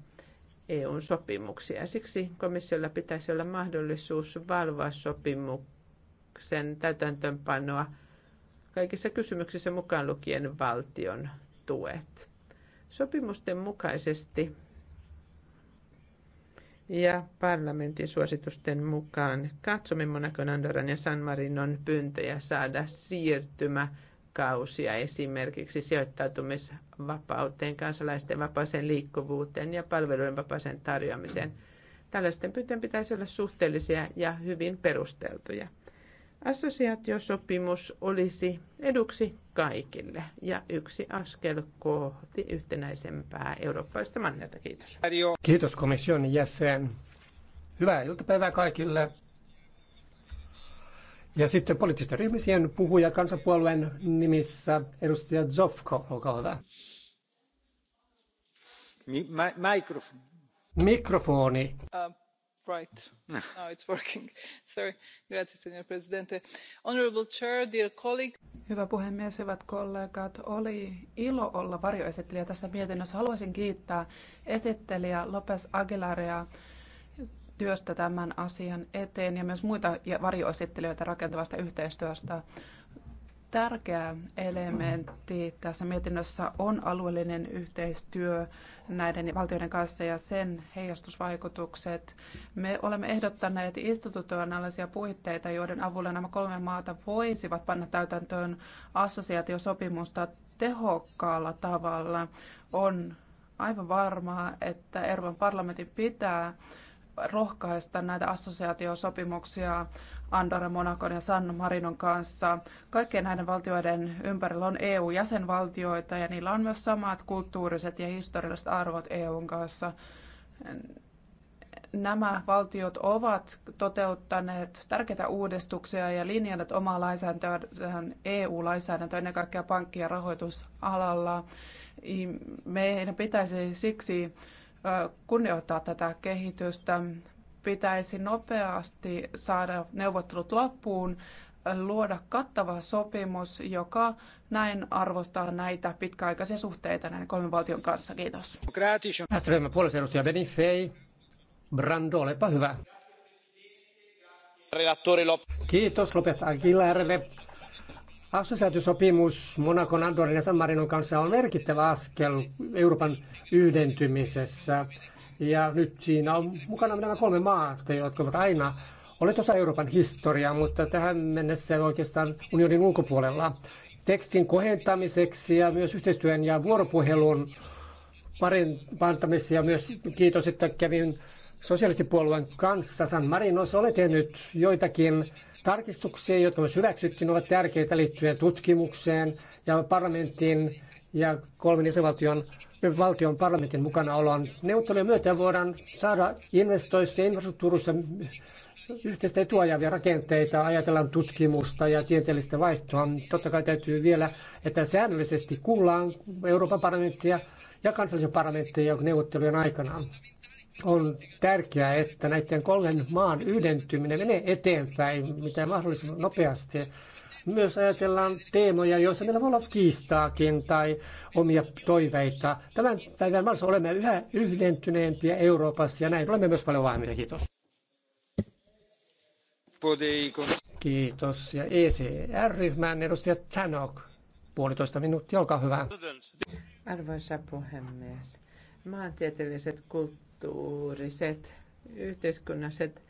EUn sopimuksia. Siksi komissiolla pitäisi olla mahdollisuus valvoa sopimuksen täytäntöönpanoa kaikissa kysymyksissä mukaan lukien valtion tuet. Sopimusten mukaisesti ja parlamentin suositusten mukaan katsomme Monacon, Andoran ja San Marinon pyyntöjä saada siirtymä kausia esimerkiksi sijoittautumisvapauteen, kansalaisten vapaaseen liikkuvuuteen ja palveluiden vapaaseen tarjoamiseen. Tällaisten pyyntöjen pitäisi olla suhteellisia ja hyvin perusteltuja. Assosiaatiosopimus olisi eduksi kaikille ja yksi askel kohti yhtenäisempää eurooppalaista mannerta. Kiitos. Kiitos komission jäsen. Hyvää iltapäivää kaikille. Ja sitten poliittisten ryhmisien puhuja kansanpuolueen nimissä edustaja Zofko, olkaa hyvä. Mikrofoni. Mikrofoni. Uh, right. Now it's working. Sorry. Grazie, signor Presidente. Honorable Chair, dear colleague. Hyvä puhemies, hyvät kollegat. Oli ilo olla varjoesittelijä tässä mietinnössä. Haluaisin kiittää esittelijä Lopes Aguilaria työstä tämän asian eteen ja myös muita varjoesittelijöitä rakentavasta yhteistyöstä. Tärkeä elementti tässä mietinnössä on alueellinen yhteistyö näiden valtioiden kanssa ja sen heijastusvaikutukset. Me olemme ehdottaneet institutionaalisia puitteita, joiden avulla nämä kolme maata voisivat panna täytäntöön assosiaatiosopimusta tehokkaalla tavalla. On aivan varmaa, että Euroopan parlamentin pitää rohkaista näitä assosiaatiosopimuksia Andorra, Monacon ja San Marinon kanssa. Kaikkien näiden valtioiden ympärillä on EU-jäsenvaltioita ja niillä on myös samat kulttuuriset ja historialliset arvot EUn kanssa. Nämä valtiot ovat toteuttaneet tärkeitä uudistuksia ja linjanneet omaa lainsäädäntöään EU-lainsäädäntöä ennen kaikkea pankki- ja rahoitusalalla. Meidän pitäisi siksi kunnioittaa tätä kehitystä. Pitäisi nopeasti saada neuvottelut loppuun, luoda kattava sopimus, joka näin arvostaa näitä pitkäaikaisia suhteita näiden kolmen valtion kanssa. Kiitos. Tästä puolesta edustaja Benifei. Brando, olepa hyvä. Kiitos, lopettaa. Aguilarille Assosiaatiosopimus Monakon, Andorin ja San Marinon kanssa on merkittävä askel Euroopan yhdentymisessä. Ja nyt siinä on mukana nämä kolme maata, jotka ovat aina olleet osa Euroopan historiaa, mutta tähän mennessä oikeastaan unionin ulkopuolella. Tekstin kohentamiseksi ja myös yhteistyön ja vuoropuhelun parantamiseksi ja myös kiitos, että kävin sosiaalistipuolueen kanssa San Marinossa. Olen tehnyt joitakin Tarkistuksia, jotka myös hyväksyttiin, ovat tärkeitä liittyen tutkimukseen ja parlamentin ja kolmen isävaltion valtion parlamentin mukanaoloon. Neuvottelujen myötä voidaan saada investoissa ja infrastruktuurissa yhteistä etuajavia rakenteita, ajatellaan tutkimusta ja tieteellistä vaihtoa. Totta kai täytyy vielä, että säännöllisesti kuullaan Euroopan parlamenttia ja kansallisen parlamenttia neuvottelujen aikana on tärkeää, että näiden kolmen maan yhdentyminen menee eteenpäin mitä mahdollisimman nopeasti. Myös ajatellaan teemoja, joissa meillä voi olla kiistaakin tai omia toiveita. Tämän päivän maailmassa olemme yhä yhdentyneempiä Euroopassa ja näin olemme myös paljon vahvempia. Kiitos. Kiitos. Ja ECR-ryhmän edustaja Tanok, puolitoista minuuttia, olkaa hyvä. Arvoisa puhemies, maantieteelliset kulttuurit kulttuuriset, yhteiskunnalliset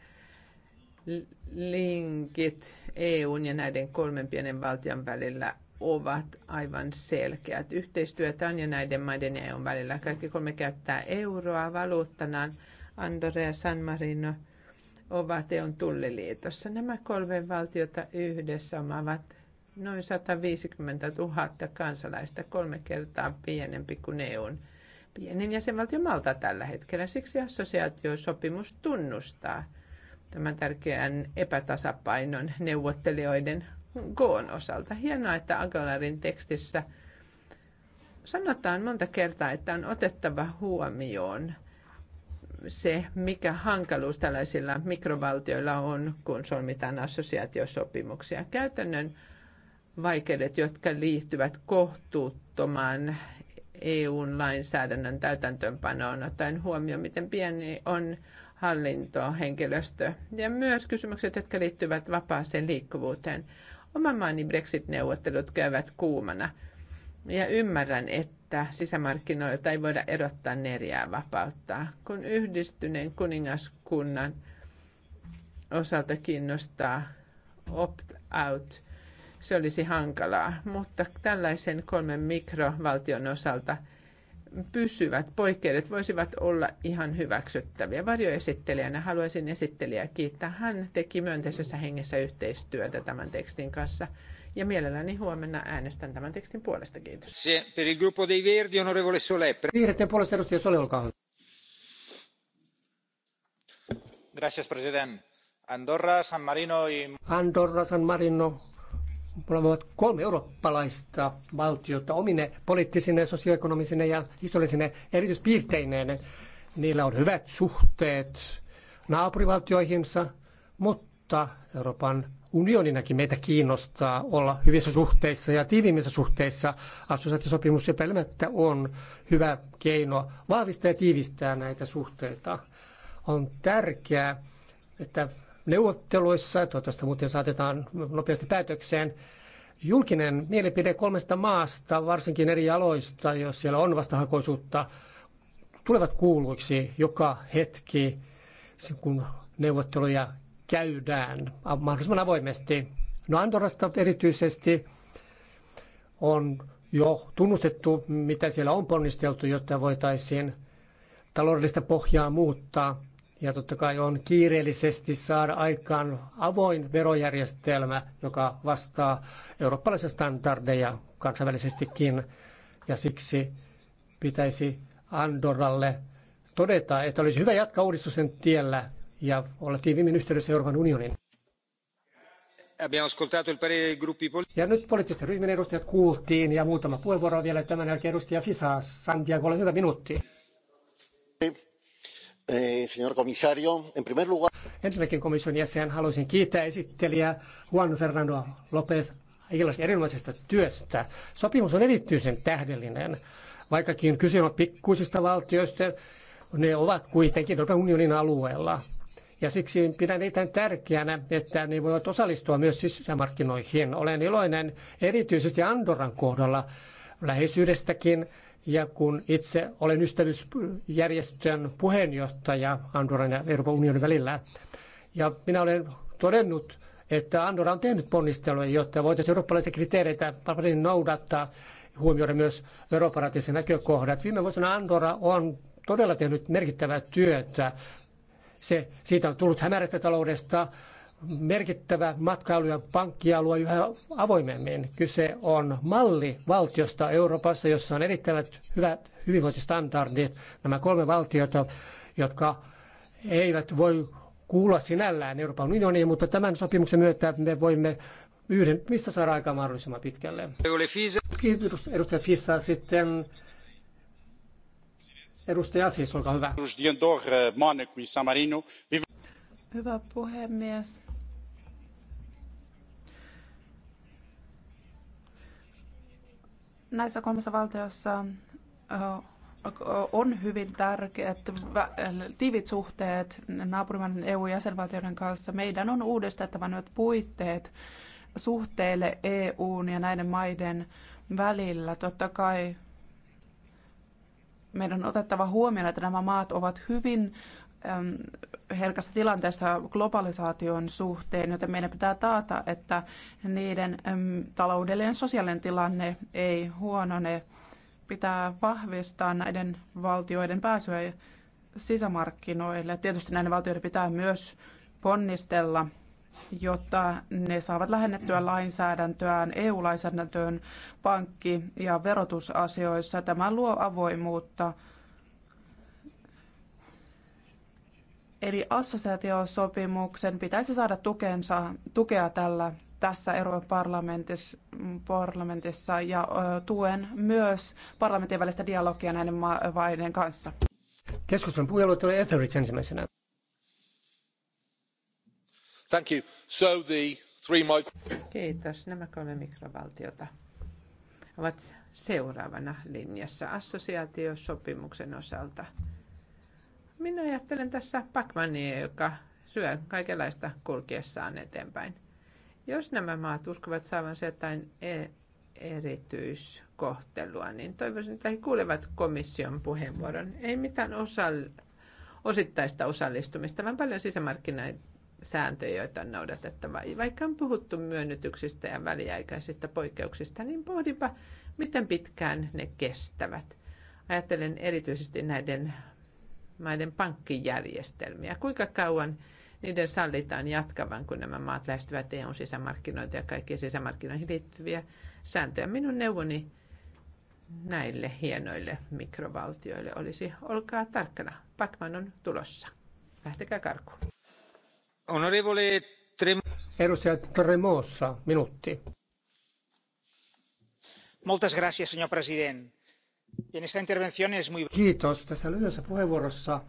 linkit EUn ja näiden kolmen pienen valtion välillä ovat aivan selkeät. Yhteistyötä on jo näiden maiden ja EUn välillä. Kaikki kolme käyttää euroa valuuttanaan. Andorra ja San Marino ovat EUn tulliliitossa. Nämä kolme valtiota yhdessä omaavat noin 150 000 kansalaista, kolme kertaa pienempi kuin EUn pienin jäsenvaltio Malta tällä hetkellä. Siksi assosiaatiosopimus tunnustaa tämän tärkeän epätasapainon neuvottelijoiden koon osalta. Hienoa, että agalarin tekstissä sanotaan monta kertaa, että on otettava huomioon se, mikä hankaluus tällaisilla mikrovaltioilla on, kun solmitaan assosiaatiosopimuksia. Käytännön vaikeudet, jotka liittyvät kohtuuttomaan EUn lainsäädännön täytäntöönpanoon, ottaen huomioon, miten pieni on hallinto, henkilöstö ja myös kysymykset, jotka liittyvät vapaaseen liikkuvuuteen. Oma maani Brexit-neuvottelut käyvät kuumana ja ymmärrän, että sisämarkkinoilta ei voida erottaa neljää vapauttaa, kun yhdistyneen kuningaskunnan osalta kiinnostaa opt-out – se olisi hankalaa. Mutta tällaisen kolmen mikrovaltion osalta pysyvät poikkeudet voisivat olla ihan hyväksyttäviä. Varjoesittelijänä haluaisin esittelijää kiittää. Hän teki myönteisessä hengessä yhteistyötä tämän tekstin kanssa. Ja mielelläni huomenna äänestän tämän tekstin puolesta. Kiitos. Per il gruppo dei Verdi, onorevole Sole. Vihreiden puolesta edustaja Sole, olkaa hyvä. Gracias, presidente. Andorra, San Marino y... Andorra, San Marino ovat kolme eurooppalaista valtiota omine poliittisine, sosioekonomisine ja historiallisine erityispiirteineen. Niillä on hyvät suhteet naapurivaltioihinsa, mutta Euroopan unioninakin meitä kiinnostaa olla hyvissä suhteissa ja tiiviimmissä suhteissa. Assosiaatiosopimus pelmättä on hyvä keino vahvistaa ja tiivistää näitä suhteita. On tärkeää, että neuvotteluissa, toivottavasti muuten saatetaan nopeasti päätökseen, julkinen mielipide kolmesta maasta, varsinkin eri aloista, jos siellä on vastahakoisuutta, tulevat kuuluiksi joka hetki, kun neuvotteluja käydään mahdollisimman avoimesti. No Andorrasta erityisesti on jo tunnustettu, mitä siellä on ponnisteltu, jotta voitaisiin taloudellista pohjaa muuttaa. Ja totta kai on kiireellisesti saada aikaan avoin verojärjestelmä, joka vastaa eurooppalaisia standardeja kansainvälisestikin. Ja siksi pitäisi Andorralle todeta, että olisi hyvä jatkaa uudistusten tiellä ja olla tiiviimmin yhteydessä Euroopan unionin. Ja nyt poliittisten ryhmien edustajat kuultiin ja muutama puheenvuoro vielä tämän jälkeen edustaja Fisa Santiago ole Hyvä minuutti. Eh, señor Ensinnäkin komission jäsen haluaisin kiittää esittelijä Juan Fernando López Aguilarista erinomaisesta työstä. Sopimus on erityisen tähdellinen, vaikkakin kyse on pikkuisista valtioista, ne ovat kuitenkin Euroopan unionin alueella. Ja siksi pidän erittäin tärkeänä, että ne voivat osallistua myös sisämarkkinoihin. Olen iloinen erityisesti Andorran kohdalla läheisyydestäkin ja kun itse olen ystävyysjärjestön puheenjohtaja Andorran ja Euroopan unionin välillä, ja minä olen todennut, että Andorra on tehnyt ponnisteluja, jotta voitaisiin eurooppalaisia kriteereitä paremmin noudattaa, huomioida myös veroparatiisin näkökohdat. Viime vuosina Andorra on todella tehnyt merkittävää työtä. Se, siitä on tullut hämärästä taloudesta merkittävä matkailu- ja pankkialue yhä avoimemmin. Kyse on mallivaltiosta Euroopassa, jossa on erittäin hyvät hyvinvointistandardit. Nämä kolme valtiota, jotka eivät voi kuulla sinällään Euroopan unioniin, mutta tämän sopimuksen myötä me voimme yhden, mistä saada aikaa mahdollisimman pitkälle. Kiitos edustaja Fissa. Sitten edustaja Assis, olkaa hyvä. Eh, hyvä puhemies. näissä kolmessa valtiossa on hyvin tärkeät tiivit suhteet naapurimaiden EU-jäsenvaltioiden kanssa. Meidän on uudistettava nyt puitteet suhteille EUn ja näiden maiden välillä. Totta kai meidän on otettava huomioon, että nämä maat ovat hyvin herkässä tilanteessa globalisaation suhteen, joten meidän pitää taata, että niiden taloudellinen sosiaalinen tilanne ei huonone. Pitää vahvistaa näiden valtioiden pääsyä sisämarkkinoille. Tietysti näiden valtioiden pitää myös ponnistella, jotta ne saavat lähennettyä lainsäädäntöään EU-lainsäädäntöön pankki- ja verotusasioissa. Tämä luo avoimuutta Eli assosiaatiosopimuksen pitäisi saada tukensa, tukea tällä tässä Euroopan parlamentissa, parlamentissa ja tuen myös parlamentin välistä dialogia näiden maiden kanssa. Keskustelun puheenjohtaja oli Etheridge ensimmäisenä. Thank you. So the three micro... Kiitos. Nämä kolme mikrovaltiota ovat seuraavana linjassa assosiaatiosopimuksen osalta – minä ajattelen tässä Pacmania, joka syö kaikenlaista kulkiessaan eteenpäin. Jos nämä maat uskovat saavansa jotain e- erityiskohtelua, niin toivoisin, että he kuulevat komission puheenvuoron. Ei mitään osall- osittaista osallistumista, vaan paljon sisämarkkinasääntöjä, joita on noudatettava. Vaikka on puhuttu myönnytyksistä ja väliaikaisista poikkeuksista, niin pohdinpa, miten pitkään ne kestävät. Ajattelen erityisesti näiden maiden pankkijärjestelmiä. Kuinka kauan niiden sallitaan jatkavan, kun nämä maat lähestyvät EUn sisämarkkinoita ja kaikkia sisämarkkinoihin liittyviä sääntöjä. Minun neuvoni näille hienoille mikrovaltioille olisi, olkaa tarkkana, Pakman on tulossa. Lähtekää karkuun. Honorevole Trem- Edustaja Tremossa, minuutti. Moltes gracias, señor presidente Kiitos. Tässä lyhyessä puheenvuorossa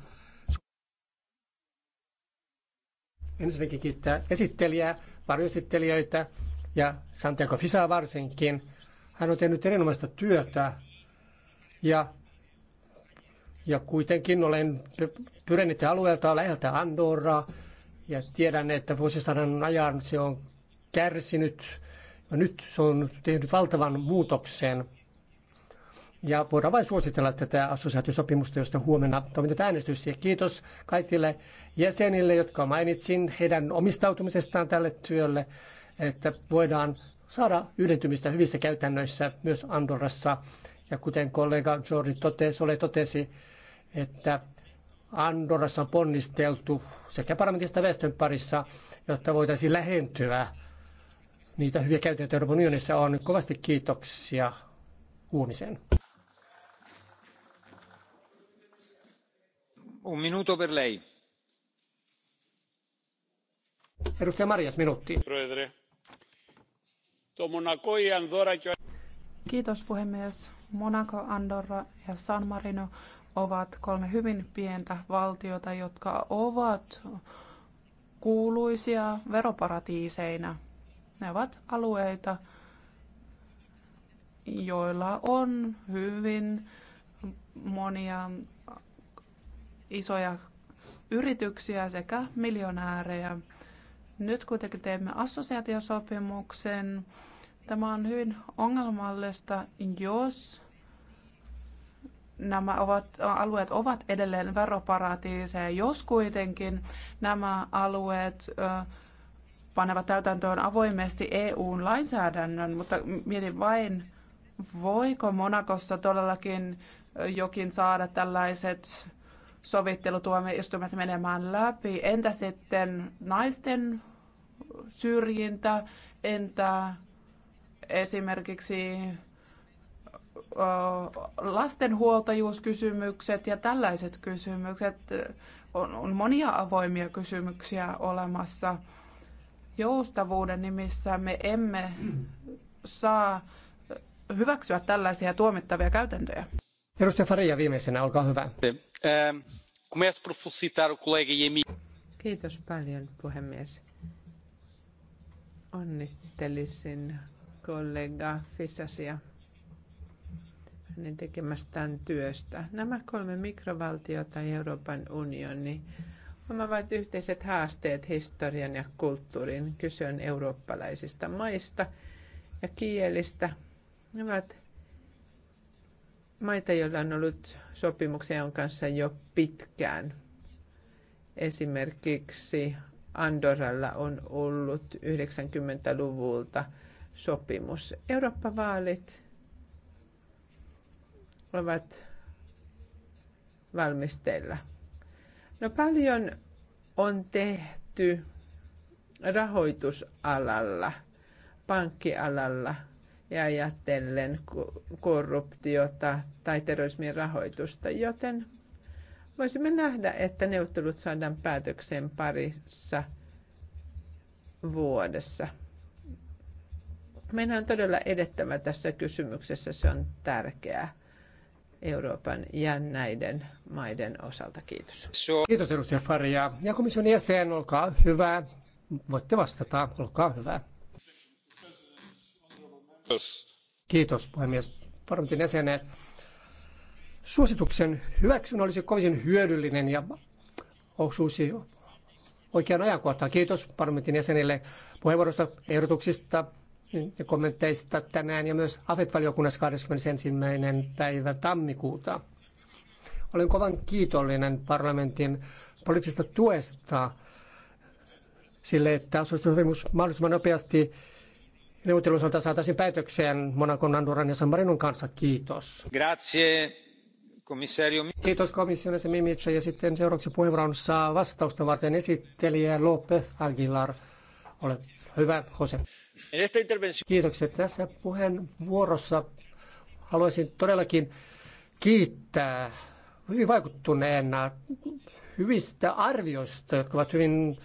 ensinnäkin kiittää esittelijää, varjoesittelijöitä ja Santiago Fisa varsinkin. Hän on tehnyt erinomaista työtä ja, ja kuitenkin olen pyrännyt alueelta läheltä Andorraa ja tiedän, että vuosisadan ajan se on kärsinyt ja nyt se on tehnyt valtavan muutoksen – ja voidaan vain suositella tätä assosiaatiosopimusta, josta huomenna toimitetaan äänestys. Ja kiitos kaikille jäsenille, jotka mainitsin heidän omistautumisestaan tälle työlle, että voidaan saada yhdentymistä hyvissä käytännöissä myös Andorrassa. Ja kuten kollega Jordi totesi, ole totesi, että Andorrassa on ponnisteltu sekä parlamentista väestön parissa, jotta voitaisiin lähentyä niitä hyviä käytäntöjä Euroopan unionissa on. Kovasti kiitoksia huomiseen. arvoisa Kiitos puhemies. Monaco, Andorra ja San Marino ovat kolme hyvin pientä valtiota, jotka ovat kuuluisia veroparatiiseina. Ne ovat alueita, joilla on hyvin monia isoja yrityksiä sekä miljonäärejä. Nyt kuitenkin teemme assosiaatiosopimuksen. Tämä on hyvin ongelmallista, jos nämä ovat, alueet ovat edelleen veroparatiiseja, jos kuitenkin nämä alueet ö, panevat täytäntöön avoimesti EU:n lainsäädännön mutta mietin vain, voiko Monakossa todellakin jokin saada tällaiset sovittelutuomioistuimet menemään läpi. Entä sitten naisten syrjintä? Entä esimerkiksi lastenhuoltajuuskysymykset ja tällaiset kysymykset? On, monia avoimia kysymyksiä olemassa. Joustavuuden nimissä me emme saa hyväksyä tällaisia tuomittavia käytäntöjä. Edustaja Faria viimeisenä, olkaa hyvä. Ehm, e Kiitos paljon, puhemies. Onnittelisin kollega Fissasia, hänen tekemästään työstä. Nämä kolme mikrovaltiota ja Euroopan unioni omaavat yhteiset haasteet historian ja kulttuurin. Kyse on eurooppalaisista maista ja kielistä. Ne ovat maita, joilla on ollut sopimuksia on kanssa jo pitkään. Esimerkiksi Andorralla on ollut 90-luvulta sopimus. Eurooppa-vaalit ovat valmisteilla. No paljon on tehty rahoitusalalla, pankkialalla – ja ajatellen korruptiota tai terrorismin rahoitusta, joten voisimme nähdä, että neuvottelut saadaan päätökseen parissa vuodessa. Meidän on todella edettävä tässä kysymyksessä, se on tärkeää Euroopan ja näiden maiden osalta. Kiitos. Kiitos edustaja Faria. Ja komission jäsen, olkaa hyvä. Voitte vastata, olkaa hyvä. Kiitos puhemies. Parlamentin jäsenet. Suosituksen hyväksyminen olisi kovin hyödyllinen ja osuisi oikean ajankohtaan. Kiitos parlamentin jäsenille puheenvuorosta, ehdotuksista ja kommenteista tänään ja myös AFET-valiokunnassa 21. päivä tammikuuta. Olen kovan kiitollinen parlamentin poliittisesta tuesta sille, että asuistusopimus mahdollisimman nopeasti neuvotteluosalta saataisiin päätökseen Monakon, Andorran ja San Marinon kanssa. Kiitos. Grazie. Komissario. Kiitos komission jäsen Mimitsa ja sitten seuraavaksi puheenvuoron saa vastausta varten esittelijä López Aguilar. Ole hyvä, Jose. Kiitokset tässä puheenvuorossa. Haluaisin todellakin kiittää hyvin vaikuttuneena hyvistä arvioista, jotka ovat hyvin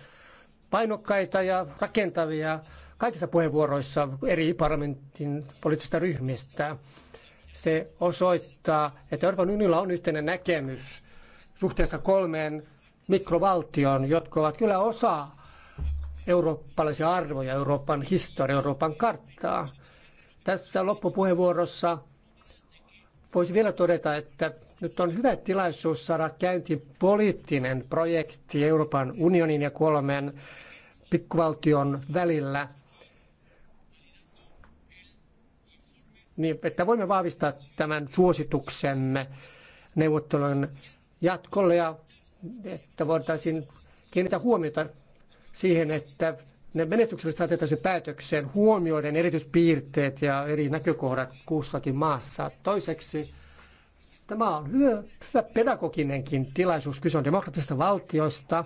painokkaita ja rakentavia kaikissa puheenvuoroissa eri parlamentin poliittisista ryhmistä. Se osoittaa, että Euroopan unionilla on yhteinen näkemys suhteessa kolmeen mikrovaltioon, jotka ovat kyllä osa eurooppalaisia arvoja, Euroopan historiaa, Euroopan karttaa. Tässä loppupuheenvuorossa voisi vielä todeta, että nyt on hyvä tilaisuus saada käyntiin poliittinen projekti Euroopan unionin ja kolmen pikkuvaltion välillä. niin että voimme vahvistaa tämän suosituksemme neuvottelujen jatkolle ja että voitaisiin kiinnittää huomiota siihen, että ne menestykselliset saatettaisiin päätökseen huomioiden erityispiirteet ja eri näkökohdat kussakin maassa. Toiseksi tämä on hyvä, hyvä pedagoginenkin tilaisuus. Kyse on demokratisista valtioista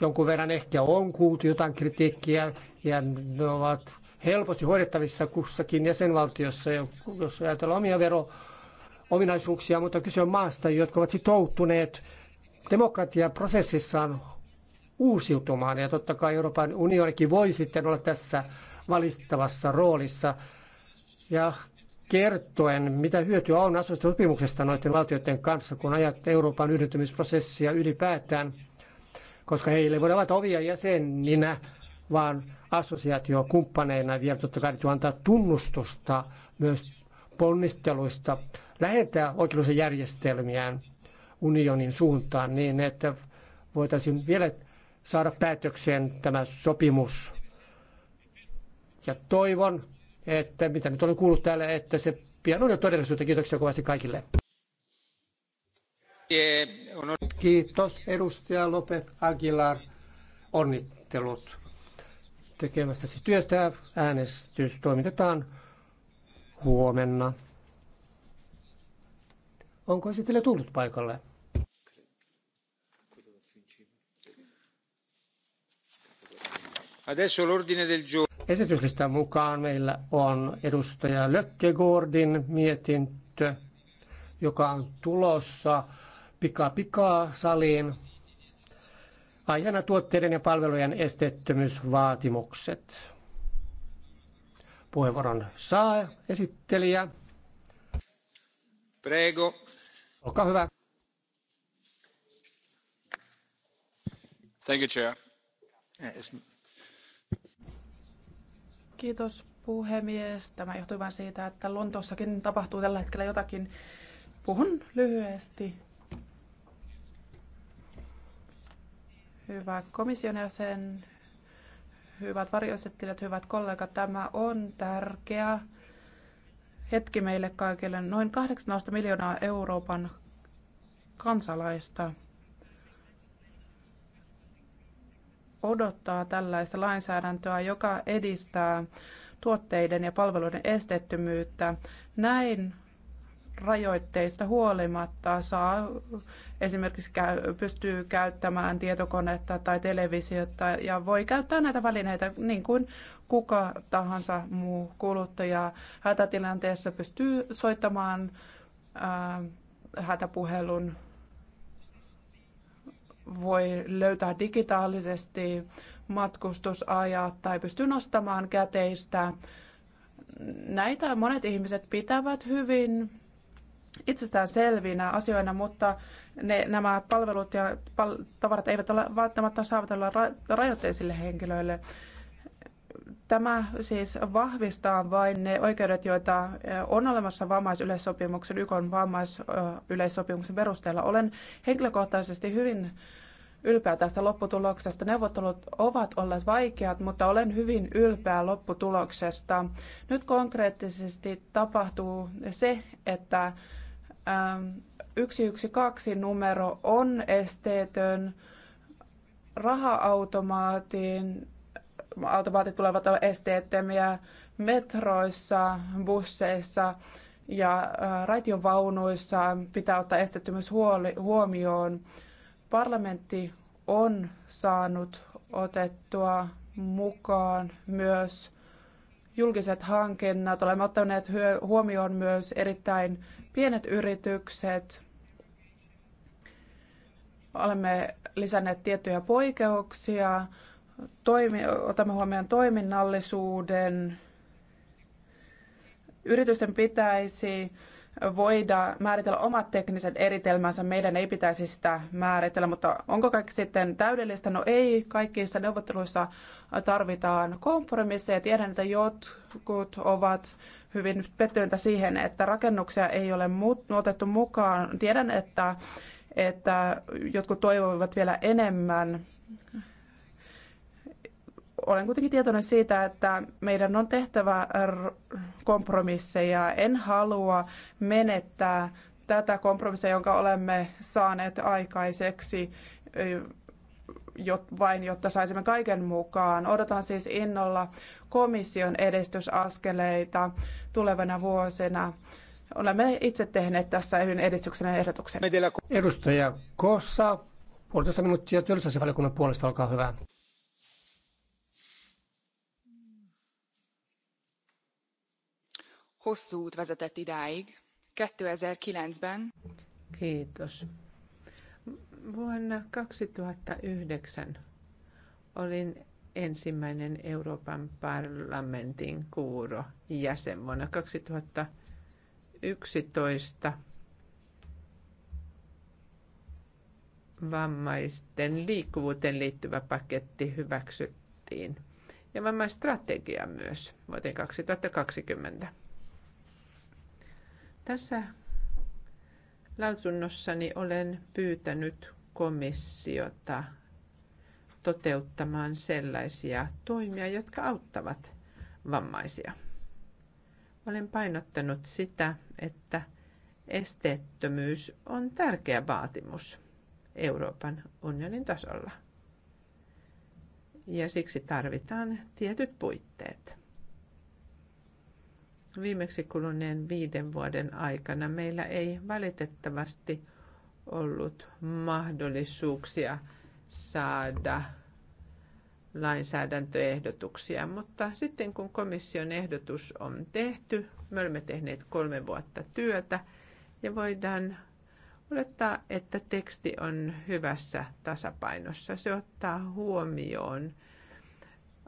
Jonkun verran ehkä on kuultu jotain kritiikkiä ja ne ovat helposti hoidettavissa kussakin jäsenvaltiossa, jos ajatellaan omia vero ominaisuuksia, mutta kyse on maasta, jotka ovat sitoutuneet demokratiaprosessissaan uusiutumaan. Ja totta kai Euroopan unionikin voi sitten olla tässä valistavassa roolissa ja kertoen, mitä hyötyä on sopimuksesta noiden valtioiden kanssa, kun ajat Euroopan yhdentymisprosessia ylipäätään, koska heille voidaan avata ovia jäseninä vaan assosiaatiokumppaneina vielä totta kai antaa tunnustusta myös ponnisteluista lähettää oikeudellisia järjestelmiään unionin suuntaan niin, että voitaisiin vielä saada päätökseen tämä sopimus. Ja toivon, että mitä nyt olen kuullut täällä, että se pian on jo todellisuutta. Kiitoksia kovasti kaikille. Kiitos edustaja Lopet Aguilar. Onnittelut tekemästäsi työstä. Äänestys toimitetaan huomenna. Onko esittelijä tullut paikalle? Esityslistan mukaan meillä on edustaja Lökkegordin mietintö, joka on tulossa pika pikaa saliin. Aiheena tuotteiden ja palvelujen esteettömyysvaatimukset. Puheenvuoron saa esittelijä. Prego. Olkaa hyvä. Thank you, Chair. Kiitos puhemies. Tämä johtuu vain siitä, että Lontossakin tapahtuu tällä hetkellä jotakin. Puhun lyhyesti. hyvä komission jäsen, hyvät varjoesittelijät, hyvät kollegat, tämä on tärkeä hetki meille kaikille. Noin 18 miljoonaa Euroopan kansalaista odottaa tällaista lainsäädäntöä, joka edistää tuotteiden ja palveluiden esteettömyyttä. Näin rajoitteista huolimatta saa esimerkiksi käy, pystyy käyttämään tietokonetta tai televisiota ja voi käyttää näitä välineitä niin kuin kuka tahansa muu kuluttaja hätätilanteessa pystyy soittamaan äh, hätäpuhelun, voi löytää digitaalisesti matkustusajat tai pystyy nostamaan käteistä. Näitä monet ihmiset pitävät hyvin itsestään selvinä asioina, mutta ne, nämä palvelut ja pal- tavarat eivät ole välttämättä saavutella ra- rajoitteisille henkilöille. Tämä siis vahvistaa vain ne oikeudet, joita on olemassa vammaisyleissopimuksen, YK vammaisyleissopimuksen perusteella. Olen henkilökohtaisesti hyvin ylpeä tästä lopputuloksesta. Neuvottelut ovat olleet vaikeat, mutta olen hyvin ylpeä lopputuloksesta. Nyt konkreettisesti tapahtuu se, että 112 ähm, numero on esteetön. Raha-automaatin automaatit tulevat olla esteettömiä metroissa, busseissa ja äh, raitiovaunuissa pitää ottaa esteettömyys huomioon. Parlamentti on saanut otettua mukaan myös julkiset hankinnat. Olemme ottaneet huomioon myös erittäin Pienet yritykset, olemme lisänneet tiettyjä poikkeuksia, toimi, otamme huomioon toiminnallisuuden. Yritysten pitäisi voida määritellä omat tekniset eritelmänsä, meidän ei pitäisi sitä määritellä, mutta onko kaikki sitten täydellistä? No ei, kaikissa neuvotteluissa tarvitaan kompromisseja. Tiedän, että jotkut ovat hyvin pettyneitä siihen, että rakennuksia ei ole otettu mukaan. Tiedän, että, että jotkut toivovat vielä enemmän olen kuitenkin tietoinen siitä, että meidän on tehtävä kompromisseja. En halua menettää tätä kompromissia, jonka olemme saaneet aikaiseksi, vain jotta saisimme kaiken mukaan. Odotan siis innolla komission edistysaskeleita tulevana vuosina. Olemme itse tehneet tässä yhden edistyksen ehdotuksen. Edustaja Kossa, puolitoista minuuttia työllisyysvaliokunnan puolesta, olkaa hyvä. hosszú út vezetett idáig. 2009 ben Kiitos. Vuonna 2009 olin ensimmäinen Euroopan parlamentin kuuro jäsen vuonna 2011 vammaisten liikkuvuuteen liittyvä paketti hyväksyttiin ja vammaistrategia myös vuoteen 2020. Tässä lausunnossani olen pyytänyt komissiota toteuttamaan sellaisia toimia, jotka auttavat vammaisia. Olen painottanut sitä, että esteettömyys on tärkeä vaatimus Euroopan unionin tasolla. Ja siksi tarvitaan tietyt puitteet. Viimeksi kuluneen viiden vuoden aikana meillä ei valitettavasti ollut mahdollisuuksia saada lainsäädäntöehdotuksia, mutta sitten kun komission ehdotus on tehty, me olemme tehneet kolme vuotta työtä ja voidaan olettaa, että teksti on hyvässä tasapainossa. Se ottaa huomioon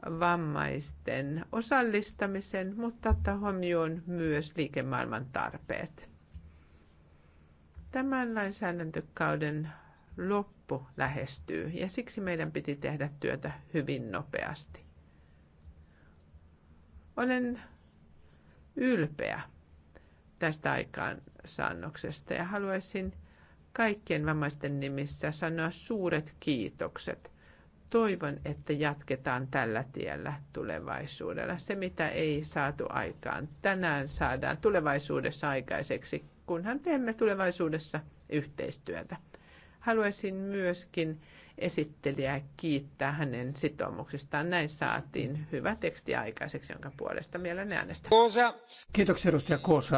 vammaisten osallistamisen, mutta ottaa huomioon myös liikemaailman tarpeet. Tämän lainsäädäntökauden loppu lähestyy ja siksi meidän piti tehdä työtä hyvin nopeasti. Olen ylpeä tästä aikaansaannoksesta ja haluaisin kaikkien vammaisten nimissä sanoa suuret kiitokset – toivon, että jatketaan tällä tiellä tulevaisuudella. Se, mitä ei saatu aikaan tänään, saadaan tulevaisuudessa aikaiseksi, kunhan teemme tulevaisuudessa yhteistyötä. Haluaisin myöskin esittelijää kiittää hänen sitoumuksistaan. Näin saatiin hyvä teksti aikaiseksi, jonka puolesta mielen äänestä. Kiitoksia edustaja Koosa.